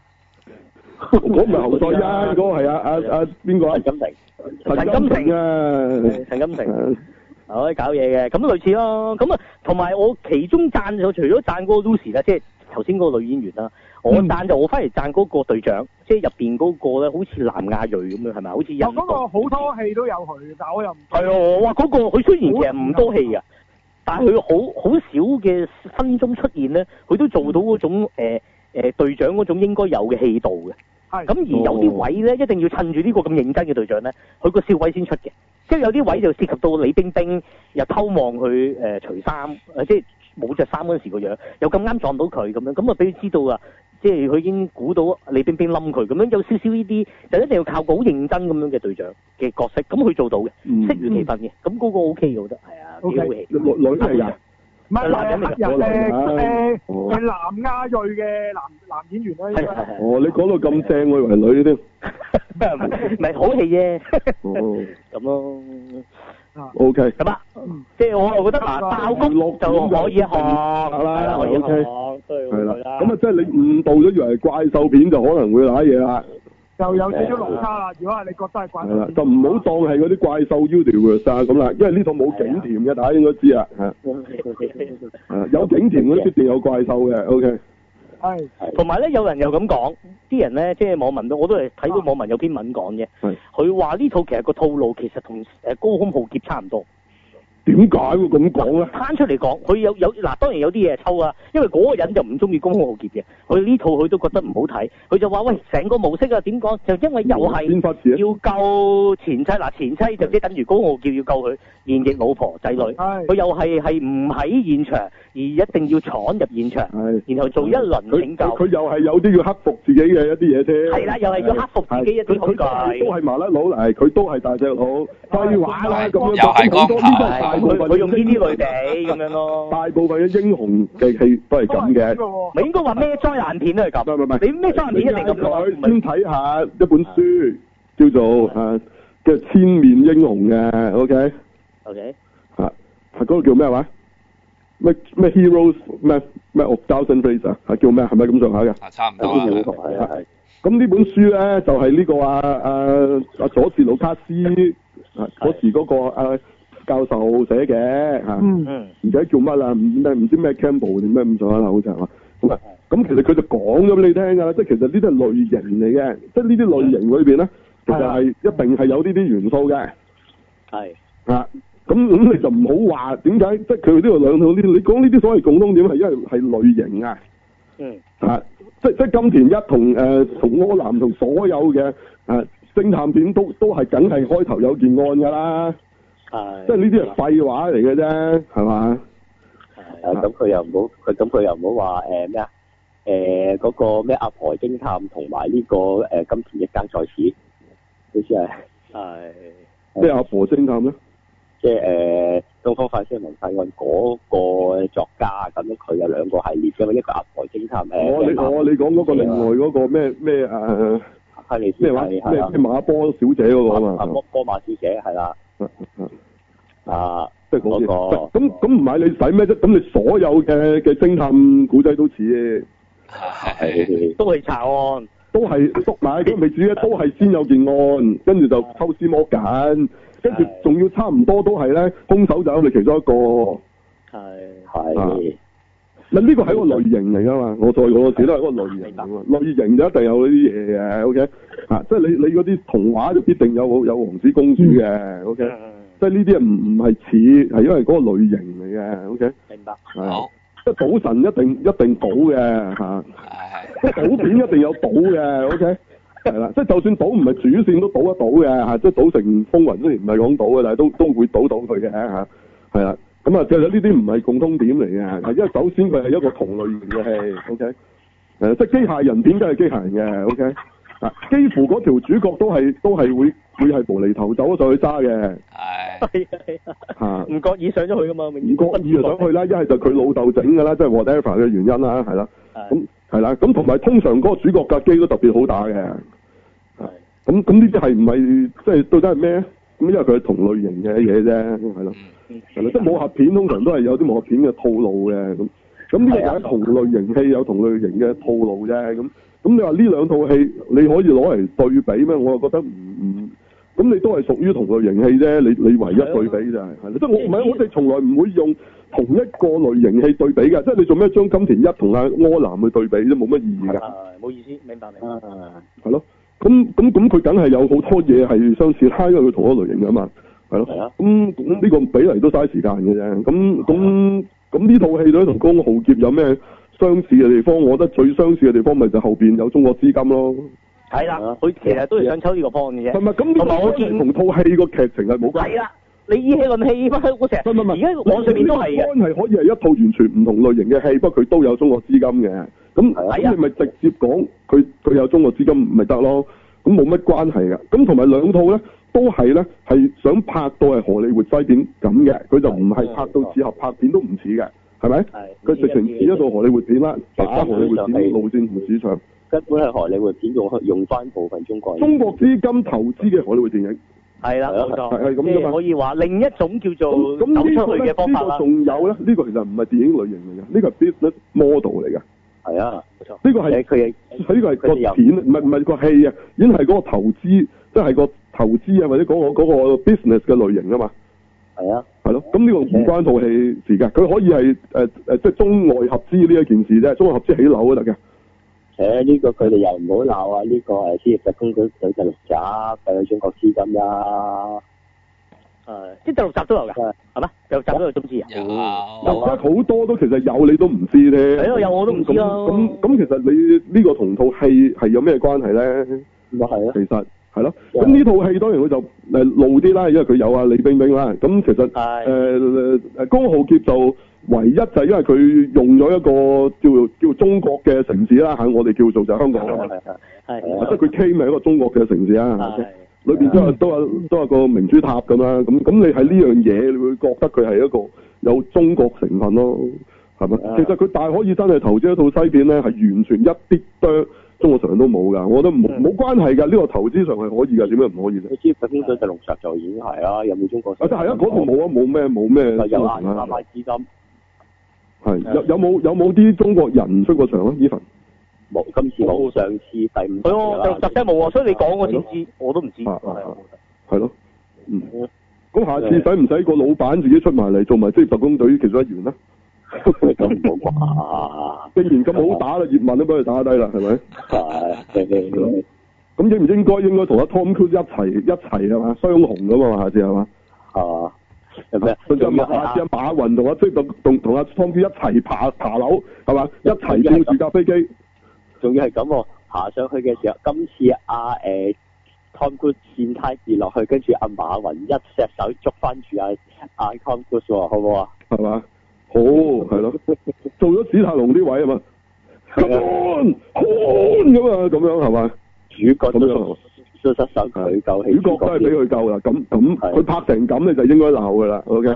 我唔係侯賽因，嗰個係啊啊啊邊個啊？陳金城，陳金城啊，陳、啊啊啊啊啊、金城，係、啊啊啊、搞嘢嘅，咁類似咯。咁啊，同埋我其中讚就除咗讚嗰個 Luis 啦，即係頭先嗰個女演員啦，我讚就我翻嚟讚嗰個隊長，即係入邊嗰個咧，好似南亞裔咁樣，係、啊、咪？好似人。嗰個好多戲都有佢，但係我又唔係啊！我、話、嗰個佢雖然其實唔多戲嘅、啊，但係佢好好少嘅分鐘出現咧，佢都做到嗰種誒誒隊長嗰種應該有嘅氣度嘅。咁而有啲位咧，一定要趁住呢個咁認真嘅隊長咧，佢個笑位先出嘅，即係有啲位就涉及到李冰冰又偷望佢誒除衫，誒即係冇着衫嗰時個樣，又咁啱撞到佢咁樣，咁啊俾佢知道啊，即係佢已經估到李冰冰冧佢咁樣，有少少呢啲就一定要靠個好認真咁樣嘅隊長嘅角色，咁佢做到嘅，適、嗯、如其分嘅，咁、那、嗰個 O K 嘅，我覺得啊，哎、okay，好女啊。唔係男人，誒誒係南亞裔嘅男男演員咧。哦，你講到咁正，我以為係女添。咪好戲啫。哦，咁咯。O K。咁啊，即係我啊覺得，嗱，爆谷就可以學啦。O K。係啦。咁啊，即係你誤導咗以為怪獸片就可能會瀨嘢啦。又有少少落差啦，如果係你覺得係怪獸，就唔好當係嗰啲怪獸 Universe 啊咁啦，因為呢套冇景甜嘅，大家應該知啦，嚇。有景甜嗰必定有怪獸嘅，OK。係。同埋咧，有人又咁講，啲人咧即係網民都，我都係睇到網民有篇文講嘅，佢話呢套其實個套路其實同誒高空浩劫差唔多。點解會咁講咧？攤出嚟講，佢有有嗱，當然有啲嘢抽臭啊，因為嗰個人就唔中意高傲傑嘅，佢呢套佢都覺得唔好睇，佢就話，喂，成個模式啊點講？就因為又係要救前妻，嗱，前妻就即等於高傲傑要救佢現役老婆仔女，佢又係係唔喺現場，而一定要闖入現場，然後做一輪拯救。佢又係有啲要克服自己嘅一啲嘢啫。係啦，啊，又係要克服自己嘅，佢佢都係麻甩佬嚟，佢都係大隻佬，廢話啦咁樣佢用呢啲嚟頂咁樣咯。大部分嘅英雄嘅戲都係咁嘅。唔應該話咩災難片都係咁。唔唔唔，你咩災難片係咁樣是一定咁講？先睇下一本書，啊叫，做啊、叫做千面英雄嘅，OK？OK？嚇，係、okay？嗰、okay 啊那個叫咩話？咩、啊、咩、那個啊、heroes 咩咩哦，thousand faces 叫咩？係咪咁上下嘅？差唔多啦。咁呢本書咧就係呢個啊啊啊，啊，啊佐治魯卡斯嗰、啊、時嗰個、啊啊教授寫嘅嚇，唔、嗯、記得叫乜啊？唔唔唔知咩 Campbell 定咩唔上下啦，好似係嘛？咁、嗯嗯嗯，其實佢就講咗俾你聽㗎。即係其實呢啲係類型嚟嘅，即係呢啲類型裏邊咧，其實係、嗯嗯、一定係有呢啲元素嘅。係嚇咁咁，你就唔好話點解，即係佢哋呢度兩套啲，你講呢啲所謂共通點係因為係類型、嗯、啊。嗯嚇，即係即係金田一同誒同柯南同所有嘅誒偵探片都都係梗係開頭有件案㗎啦。係， 即係呢啲係廢話嚟嘅啫，係嘛？係，咁佢又唔好，佢咁佢又唔好話咩啊？嗰、欸欸嗰個咩阿婆偵探同埋呢個誒金田一家在此，好似係係咩阿婆偵探咧？即係、呃、東方快車謀殺案嗰個作家咁佢有兩個系列嘅，一個阿婆偵探誒。我你我你講嗰個另外嗰個咩咩誒？咩話即咩馬波小姐嗰個啊嘛？馬波波馬小姐係啦。啊，即係嗰啲咁咁唔係你使咩啫？咁你所有嘅嘅偵探古仔都似，係、啊、都係查案，都係捉埋咁未主於都係先有件案，啊、跟住就抽絲剝繭、啊，跟住仲要差唔多都係咧兇手就係我哋其中一個係係，唔、啊、呢、啊、個係一個類型嚟噶嘛？我再我始都係一個類型,個個類型、啊，類型就一定有呢啲嘢嘅。O K，吓即係你你嗰啲童話就必定有有王子公主嘅。O、okay? K、嗯。即係呢啲唔唔係似，係因為嗰個類型嚟嘅，OK。明白。好。即係賭神一定一定賭嘅嚇。係係。 賭片一定有賭嘅，OK。係啦，即係就算賭唔係主線都賭得到嘅嚇，即係賭城風雲雖然唔係講賭嘅，但係都都會賭到佢嘅嚇。係啦。咁啊，其實呢啲唔係共通點嚟嘅，係因為首先佢係一個同類型嘅戲，OK。誒，即係機械人點解係機械人嘅，OK。啊！幾乎嗰條主角都係都係會會係無厘頭走咗上去揸嘅。係、哎、係啊！嚇，吳國義上咗去噶嘛？吳國義上咗去啦，一係就佢老豆整噶啦，即係 whatever 嘅原因啦，係啦。咁、哎、係、嗯嗯、啦，咁同埋通常嗰個主角架機都特別好打嘅。咁咁呢啲係唔係即係到底係咩？咁、嗯嗯嗯就是、因為佢係同類型嘅嘢啫，係咯係即係武俠片、嗯、通常都係有啲武俠片嘅套路嘅咁。咁呢啲有同類型戲有同類型嘅套路啫咁。嗯咁你話呢兩套戲你可以攞嚟對比咩？我又覺得唔唔，咁、嗯嗯嗯、你都係屬於同一類型戲啫。你你唯一對比就係，即係我唔係我哋從來唔會用同一個類型戲對比㗎。即係、就是、你做咩將金田一同阿柯南去對比都冇乜意義㗎。冇、啊、意思，明白明白。咯、啊。咁咁咁，佢梗係有好多嘢係相似，因為佢同一類型㗎嘛。係咯。啊。咁咁呢個比嚟都嘥時間嘅啫。咁咁咁呢套戲對《同江、啊、浩劫有》有咩？相似嘅地方，我覺得最相似嘅地方咪就是後邊有中國資金咯。係啦，佢其實都係想抽呢個方嘅啫。係咪咁？同同套戲個劇情係冇關係啦。你依戲論戲，不我成日。而家網上邊都係嘅。關係可以係一套完全唔同類型嘅戲，不過佢都有中國資金嘅。咁咁、啊、你咪直接講佢佢有中國資金咪得咯？咁冇乜關係嘅。咁同埋兩套咧都係咧係想拍到係荷里活西片咁嘅，佢就唔係拍到似合拍片都唔似嘅。係咪？佢直情指一個荷里活片啦，打荷里活片路線同市場，根、就是、本係荷里活片用用翻部分中國。中國資金投資嘅荷里活電影，係啦、啊，冇錯、啊啊啊啊，即係可以話另一種叫做走出去嘅方法啦。咁呢個仲有咧？呢、這個其實唔係電影類型嚟噶，呢、這個 business model 嚟噶。係啊，冇錯。呢、這個係佢呢個係個片，唔係唔係個戲啊，已經係嗰個投資，即係個投資啊，或者嗰、那個、那個 business 嘅類型啊嘛。係啊。係、嗯、咯，咁、嗯、呢、嗯、個唔關套戲事噶，佢、嗯、可以係誒誒，即係中外合資呢一件事啫，中外合資起樓都得嘅。誒、嗯，呢、這個佢哋又唔好鬧啊！呢、這個係《失業特工》嗯嗯、第第六集有，係中國資金咁樣。係第六集都有噶，係嘛？第六集都唔知有中資。有啊。好、啊啊、多都其實有，你都唔知咧。係啊，有我都唔知咯、啊。咁咁，其實你個呢個同套戲係有咩關係咧？咪係咯。其實。係咯、啊，咁呢套戲當然佢就誒老啲啦，因為佢有啊李冰冰啦。咁其實誒誒、啊呃、高浩傑就唯一就係因為佢用咗一個叫叫中國嘅城市啦嚇，我哋叫做就香港啦。係係、啊，所以佢、啊啊啊、came 喺一個中國嘅城市啦、啊啊、裏邊都有都有都有個明珠塔咁啦。咁咁你喺呢樣嘢，你會覺得佢係一個有中國成分咯，係咪啊？其實佢大可以真係投資一套西片咧，係完全一啲都。中國場都冇噶，我都唔冇冇關係噶。呢、呢個投資上係可以噶，點解唔可以咧？職業特工隊第六集就已經係啦，有冇中國？啊，就係啊，嗰度冇啊，冇咩冇咩。係有有冇有冇啲中國人出過場啊 Evan 冇今次冇上次第五次，係、嗯、哦，六集冇啊，所以你講我點知，我都唔知道啊，係咯，咁、啊啊啊嗯嗯、下次使唔使個老闆自己出埋嚟做埋職業特工隊其中一員咧？咁 沒馬 好打，既然咁好打啦，葉問都俾佢打低啦，係咪？係、啊。咁、啊啊、 應唔應該應該同阿 Tom Cruise 一齊一齊係嘛雙雄咁啊嘛下次係嘛？係啊。即係阿斯馬雲同阿追同同阿 Tom Cruise 一齊爬爬，爬樓係嘛？一齊跳住架飛機。仲要係咁喎，爬上去嘅時候，今次阿、啊、誒、uh, Tom Cruise 跣梯跌落去，跟住阿、啊、馬雲一隻手捉翻住阿、啊、阿 Tom Cruise 喎，好唔好啊？係嘛？好係咯，做咗史太龍啲位啊嘛，咁咁啊，咁樣係咪？主角都失手，主角都係俾佢救啦。咁咁，佢拍成咁，你就應該鬧噶啦。OK。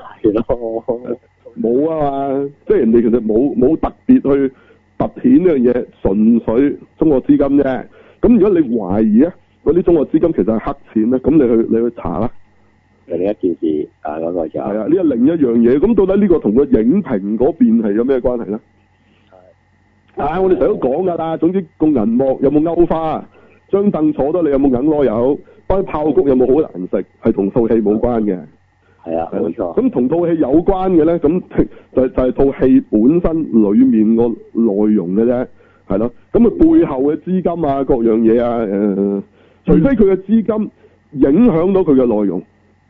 冇啊嘛，即係人哋其實冇冇特別去突顯呢樣嘢，純粹中國資金啫。咁如果你懷疑啊，嗰啲中國資金其實係黑錢咧，咁你去你去查啦。另一件事啊，嗰、嗰個係啊呢一、啊、另一樣嘢，咁到底個呢個同個影評嗰邊係有咩關係咧？係啊,啊,啊，我哋成日都講㗎啦。總之個銀、啊、幕有冇勾花？張凳坐得你有冇硬攞又好，包括爆谷有冇好難食，係同套戲冇關嘅。係啊，冇錯、啊。咁同、啊啊、套戲有關嘅咧，咁就是、就係、是、套戲本身裏面個內容嘅啫，係咯、啊。咁佢背後嘅資金啊，各樣嘢啊，誒、呃，除非佢嘅資金影響到佢嘅內容。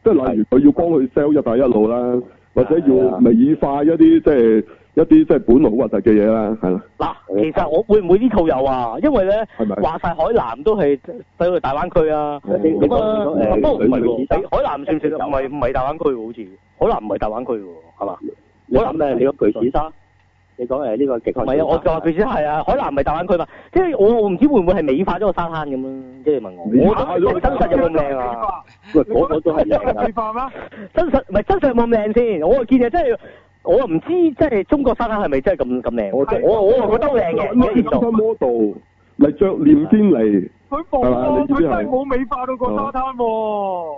即係例如佢要幫佢 sell 一帶一路啦，或者要美化一啲即係一啲即係本來好核突嘅嘢啦，係啦。嗱，其實我會唔會呢套有啊？因為咧話晒海南都係西亞大灣區啊，嗯、你講、嗯嗯，不過海南算唔算唔係唔係大灣區喎？好似海南唔係大灣區喎。係嘛，海南咩嚟嘅？瓊島？你講誒呢個極好，唔係啊！我就話佢先係啊，海南唔係大灣區嘛，即係我我唔知會唔會係美化咗個沙灘咁咯。即係問我，我覺得真實有咁靚啊！喂，我我都係真實，唔係真實有冇咁靚先？我見你，真係我唔知，即係中國沙灘係咪真係咁咁靚？我我我啊覺得靚嘅 model 咪著連肩嚟，佢放啊！佢真係冇美化到個沙灘喎、哦。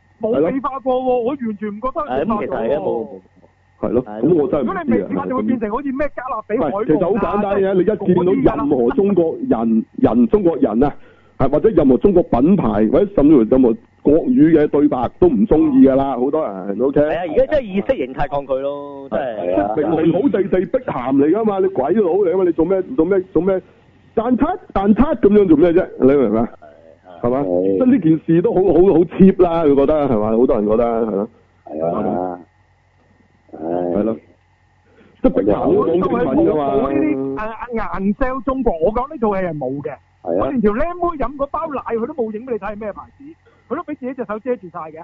冇地化過喎，我完全唔覺得難度喎。係咯，咁我真係如果你未地化就會變成好似咩加勒比海嗰啲咁。其實好簡單嘅，你一見到任何中國人、人,人中國人啊，係 或者任何中國品牌或者甚至任何國語嘅對白都唔中意㗎啦，好、啊、多人。O、okay? K。係啊，而家真係意識形態抗拒咯，真係。明,明好地地逼咸嚟㗎嘛，你鬼佬嚟㗎嘛，你做咩做咩做咩蛋撻蛋撻咁樣做咩啫？你明唔明嘛？係嘛，即呢件事都好好好 cheap 啦，佢覺得係嘛，好多人覺得係咯，係啊，係，係咯，啊啊哎，即係逼好都係摸寶呢啲誒硬銷中國，我講呢套戲係冇嘅。我連條僆妹、妹飲嗰包奶佢都冇影俾你睇係咩牌子，佢都俾自己隻手遮住曬嘅，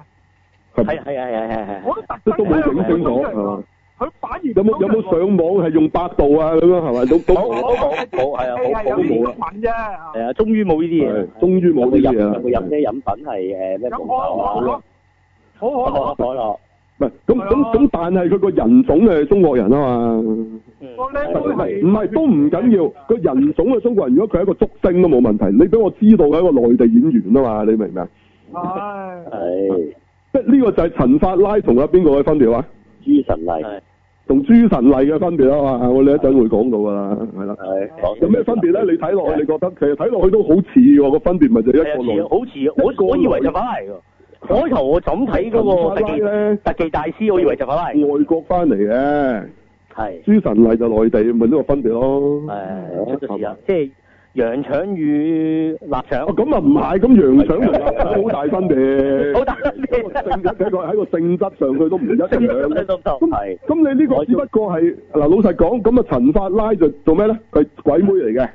係係係係係係，我特是都特登影出佢反而有冇有冇上網係用百度啊咁樣係咪？好，好、嗯，好，係、嗯、啊，好，好，冇。係啊，終於冇呢啲嘢，終於冇呢啲嘢。有冇飲咩飲品？係誒咩？好可能，唔係咁咁咁，但係佢個人種係中國人啊嘛。唔係都唔緊要。個人種係中國人，如果佢係一個足星都冇問題。你俾我知道佢係一個內地演員啊嘛？你明唔明？係係。即係呢個就係陳法拉同阿邊個嘅分別啊？諸神麗，同諸神麗嘅分別啊嘛，我哋一陣會講到噶啦，係啦，有咩分別咧？你睇落去你覺得，其實睇落去都好似喎，個分別咪就一個內，好似，好似，我我以為就係外國翻嚟，開頭我咁睇㗎個特技咧，特技大師，我以為就係外國翻嚟嘅，係，諸神麗就內地，咪呢個分別咯，係，即係。羊腸與、臘腸，咁啊唔係，咁羊腸同臘腸好大分別，好 大分別， 個喺個性質上，佢都唔一樣咁係，咁你呢個只不過係嗱，老實講，咁啊陳法拉就做咩咧？佢鬼妹嚟嘅，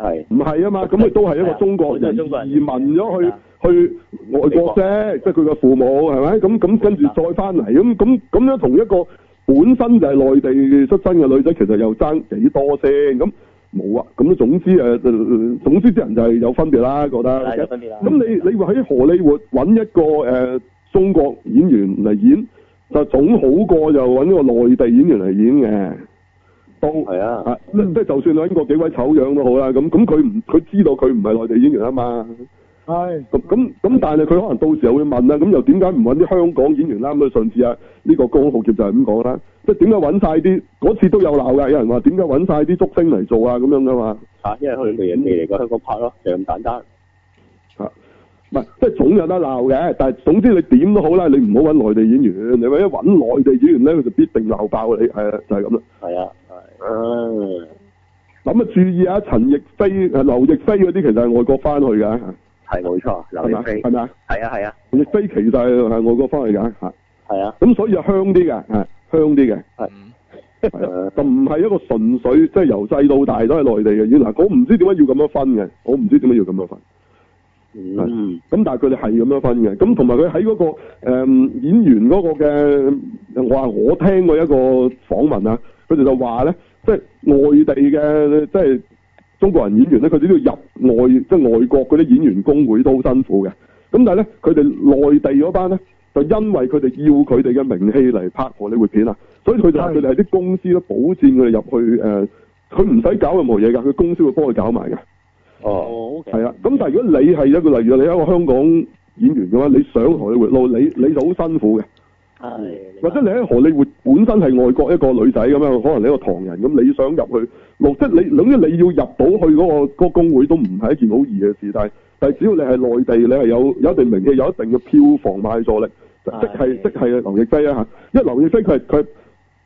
係唔係啊嘛？咁佢都係一個中國人移民咗去去，去外國啫，即係佢個父母係咪？咁咁跟住再翻嚟，咁咁咁樣同一個本身就係內地出身嘅女仔，其實又爭幾多先咁？冇啊，咁啊總之誒，總之啲人就係有分別啦，覺得。係有分別啦。咁你你會喺荷里活揾一個誒、呃、中國演員嚟演，就總好過就揾一個內地演員嚟演嘅。都係啊。啊，即係就算你揾個幾位醜樣都好啦，咁咁佢唔佢知道佢唔係內地演員啊嘛。係咁咁咁，但係佢可能到時候會問啦。咁又點解唔揾啲香港演員啦？咁佢上次啊，呢個江浩傑就係咁講啦。即係點解揾晒啲？嗰次都有鬧嘅，有人話點解揾晒啲足星嚟做啊？咁樣噶嘛嚇，因為佢哋人地嚟嘅，香港拍咯，嗯，就咁簡單嚇。唔係即係總有得鬧嘅。但係總之你點都好啦，你唔好揾內地演員，你為咗揾內地演員咧，佢就必定鬧爆你。係啊，就係咁啦。係啊，係。唉，咁啊，注意下、啊、陳亦飛、係劉亦菲嗰啲，其實係外國翻去嘅。係冇錯，劉亦菲係咪啊？係啊，係啊，亦菲其實係外國翻嚟噶吓，係啊。咁所以就香啲嘅，係香啲嘅，係，係啊，呃、就唔係一個純粹即係、就是、由細到大都係內地嘅。演員，我唔知點解要咁樣分嘅，我唔知點解要咁樣分。嗯，咁但係佢哋係咁樣的分嘅，咁同埋佢喺嗰個誒、呃、演員嗰個嘅，我話我聽過一個訪問啊，佢哋就話咧，即係外地嘅，即係。中國人演員咧，佢哋都要入外，即係、就是、外國嗰啲演員工會都好辛苦嘅。咁但係咧，佢哋內地嗰班咧，就因為佢哋要佢哋嘅名氣嚟拍荷里活片啊，所以佢就佢哋係啲公司咯，保薦佢哋入去誒，佢唔使搞任何嘢㗎，佢公司會幫佢搞埋㗎。哦 OK 係啦，咁、okay，但係如果你係一個例如你係一個香港演員嘅話，你想荷里活撈，你，你就好辛苦嘅。係， 或者你喺荷里活本身係外國一個女仔咁樣，可能你一個唐人咁，你想入去即係你諗，即你，等於你要入到去嗰個嗰個工會都唔係一件好易嘅事，但係但係只要你係內地，你係有有一定名氣，有一定嘅票房賣座力，即係 即係啊，劉亦菲啊吓，因為劉亦菲佢係佢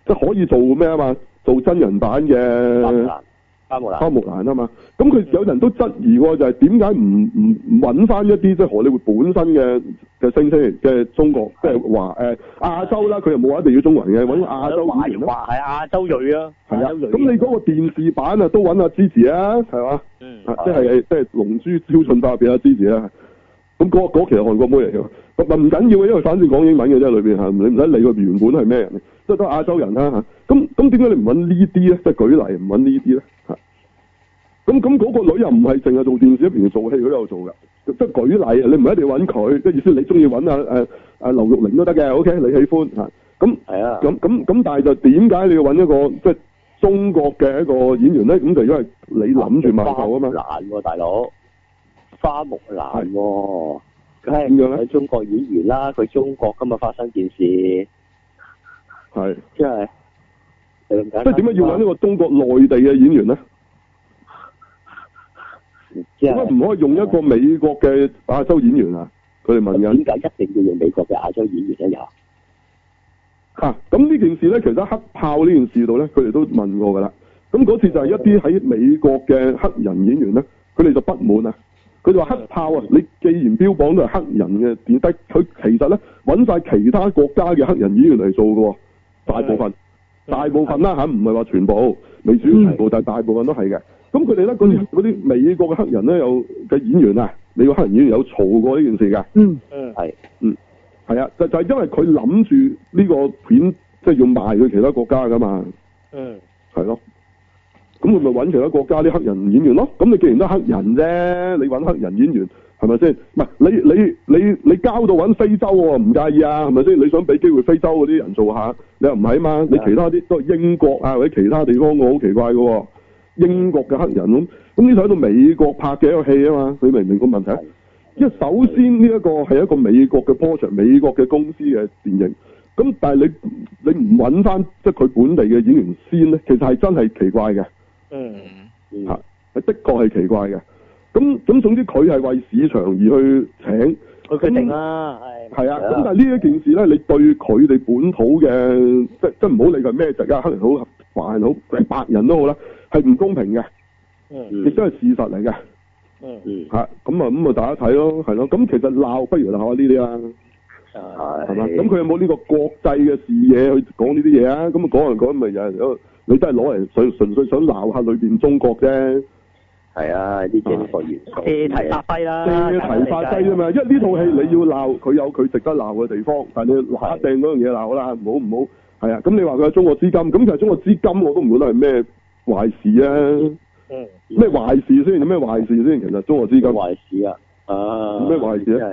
即係可以做咩啊嘛，做真人版嘅。 花木蘭，花木蘭啊嘛，咁佢有人都質疑過，就係點解唔唔揾翻一啲即係荷里活本身嘅嘅星即嘅中國即係話誒亞洲啦，佢又冇話一定要中文嘅，揾亞洲。亞洲裔係亞洲裔啊。係啊。咁、啊、你嗰個電視版啊，都揾阿芝持啊，係嘛？即係即係龍珠超進化俾阿芝持啊。就是咁嗰嗰其實韓國妹嚟嘅，唔唔緊要嘅，因為反正講英文嘅啫，裏邊嚇你唔使理佢原本係咩人，即係都亞洲人啦嚇。咁咁點解你唔揾呢啲咧？即係舉例唔揾呢啲咧嚇。咁咁嗰個女又唔係淨係做電視，平做戲嗰度做嘅，即係舉例啊！你唔一定揾佢，即係意思你中意揾啊誒啊劉玉玲都得嘅，OK，你喜歡嚇。咁咁咁咁，但係就點解你要揾一個即係、就是、中國嘅一個演員咧？咁就因為你諗住買樓啊嘛。難喎，大佬。花木蘭、哦，咁樣咧？係中國演員啦，佢中國今日發生件事係，即係即係點解要搵呢個中國內地嘅演員咧？點解唔可以用一個美國嘅亞洲演員啊？佢哋問，點解一定要用美國嘅亞洲演員咧？有吓咁呢件事咧？其實黑豹呢件事度咧，佢哋都問過噶啦。咁嗰次就係一啲喺美國嘅黑人演員咧，佢哋就不滿啊。佢話黑豹啊！你既然標榜都係黑人嘅片得，佢其實咧，揾晒其他國家嘅黑人演員嚟做㗎喎，大部分、大部分啦吓，唔係話全部，未至於全部，但係大部分都係嘅。咁佢哋咧，嗰啲美國嘅黑人咧有嘅演員啊，美國黑人演員有嘈過呢件事㗎。嗯，嗯係，嗯，係啊，就就係、係因為佢諗住呢個片即係要賣佢其他國家㗎嘛。嗯，係咯。咁咪揾其他國家啲黑人演員咯？咁你既然都黑人啫，你揾黑人演員係咪先？唔係你你你你交到揾非洲喎，唔介意啊？係咪先？你想俾機會非洲嗰啲人做下？你又唔係啊？嘛，你其他啲都係英國啊，或者其他地方，我好奇怪喎、哦。英國嘅黑人咁咁呢套喺度美國拍嘅一個戲啊嘛，你明唔明個問題啊？因為首先呢一個係一個美國嘅 project，美國嘅公司嘅電影咁，但係你你唔揾翻即係佢本地嘅演員先咧，其實係真係奇怪嘅。嗯，吓、嗯、係的確係奇怪嘅，咁咁總之佢係為市場而去請，佢決定啦，係、嗯、係啊，咁但係呢一件事咧，你對佢哋本土嘅，即即唔好理佢係咩族啊，黑人好，白人好，白人都好啦，係唔公平嘅，嗯，亦都係事實嚟嘅，嗯嗯，吓咁啊咁啊大家睇咯，係咯、啊，咁其實鬧不如鬧下呢啲啦，係係嘛，咁佢有冇呢個國際嘅視野去講呢啲嘢啊？咁啊講人講咪有人你都係攞嚟純粹想鬧下裏面中國啫，係啊啲嘅語言，借、啊、題發揮啦，借題發揮啫嘛，因為呢套戲你要鬧佢、啊、有佢值得鬧嘅地方，但你一定嗰樣嘢鬧啦，唔好唔好。係啊，咁、啊、你話佢係中國資金，咁其實中國資金我都唔覺得係咩壞事啊。咩、嗯嗯嗯、壞事先？咩壞事先？其實中國資金壞事啊，啊咩壞事啊？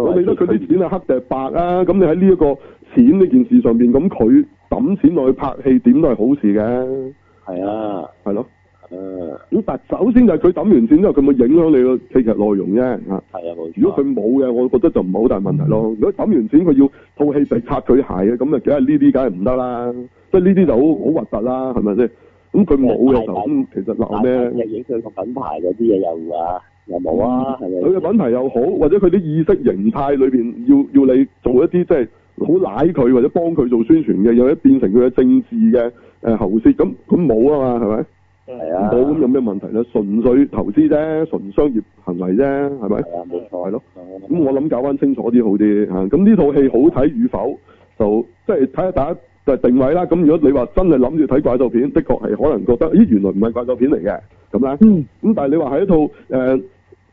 我理得佢啲錢係黑定係白啊！咁你喺呢一個錢呢件事上邊，咁佢抌錢落去拍戲，點都係好事嘅。係啊，係咯。啊！咁但首先就係佢抌完錢之後，佢冇影響你個戲劇內容啫。嚇！係啊，冇錯。如果佢冇嘅，我覺得就唔係好大問題咯。嗯、如果抌完錢佢要套戲就拆佢鞋嘅，咁啊，梗係呢啲梗係唔得啦。即係呢啲就好好核突啦，係咪先？咁佢冇嘅就咁，其實冇咩。大大日影響個品牌嗰啲嘢又啊～又冇啊，係咪？佢嘅品牌又好，或者佢啲意識形態裏面要要你做一啲即係好奶佢，或者幫佢做宣傳嘅，有一變成佢嘅政治嘅喉舌，咁咁冇啊嘛，係咪？啊，冇咁、啊、有咩問題咧？純粹投資啫，純商業行為啫，係咪？冇、啊、錯咯。咁、嗯、我諗搞翻清楚啲好啲嚇。咁呢套戲好睇與否，就即係睇下大家就是、定位啦。咁如果你話真係諗住睇怪獸片，的確係可能覺得，咦，原來唔係怪獸片嚟嘅，咁咧。嗯。咁但係你話係一套、呃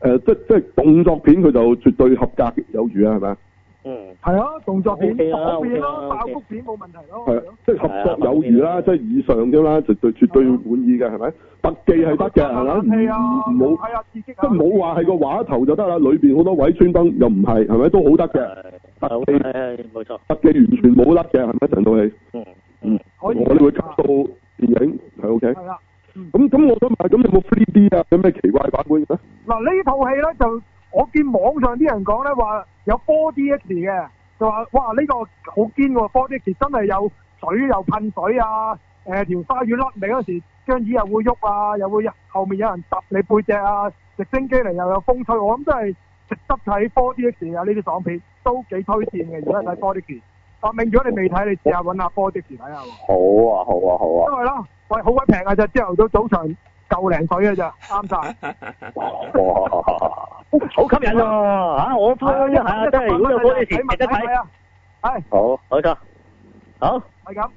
誒、呃，即係即係動作片，佢就絕對合格有餘啊，係咪？嗯，係啊，動作片、打片咯，爆谷片冇問題咯。係即係合格有餘啦，即係、okay, okay, okay. 以上啫啦，絕對絕對滿意嘅，係咪？特技係得嘅，係、嗯、咪？係啊，冇，即係冇話係個畫頭就得啦、嗯，裏邊好多位穿崩又唔係，係咪都好得嘅？係、嗯，係、冇、嗯、錯，特技完全冇得嘅，係咪？陳導係，嗯，嗯，嗯我哋會 cut 到電影係、啊、OK。咁、嗯、咁我都問，咁有冇 3D 啊？有咩奇怪版本咧？嗱、啊、呢套戲咧就我見網上啲人講咧話有 4DX 嘅，就話哇呢、呢個好堅喎 4DX 真係有水又噴水啊，誒條鯊魚甩尾嗰時，張椅又會喐啊，又會人後面有人揼你背脊啊，直升機嚟，又有風吹，我諗真係值得睇 4DX 啊，呢啲爽片都幾推薦嘅，如果係睇 4DX。我明咗你未睇，你試下搵阿波即時睇下喎。好啊，好啊，好啊。因為咧，喂，好鬼平啊，咋？朝頭早早場夠零水啊，咋？啱晒。好吸引啊！嚇、啊！我翻一下，真係如果有波，你時記得睇。係、啊。好，唔該。好。係咁。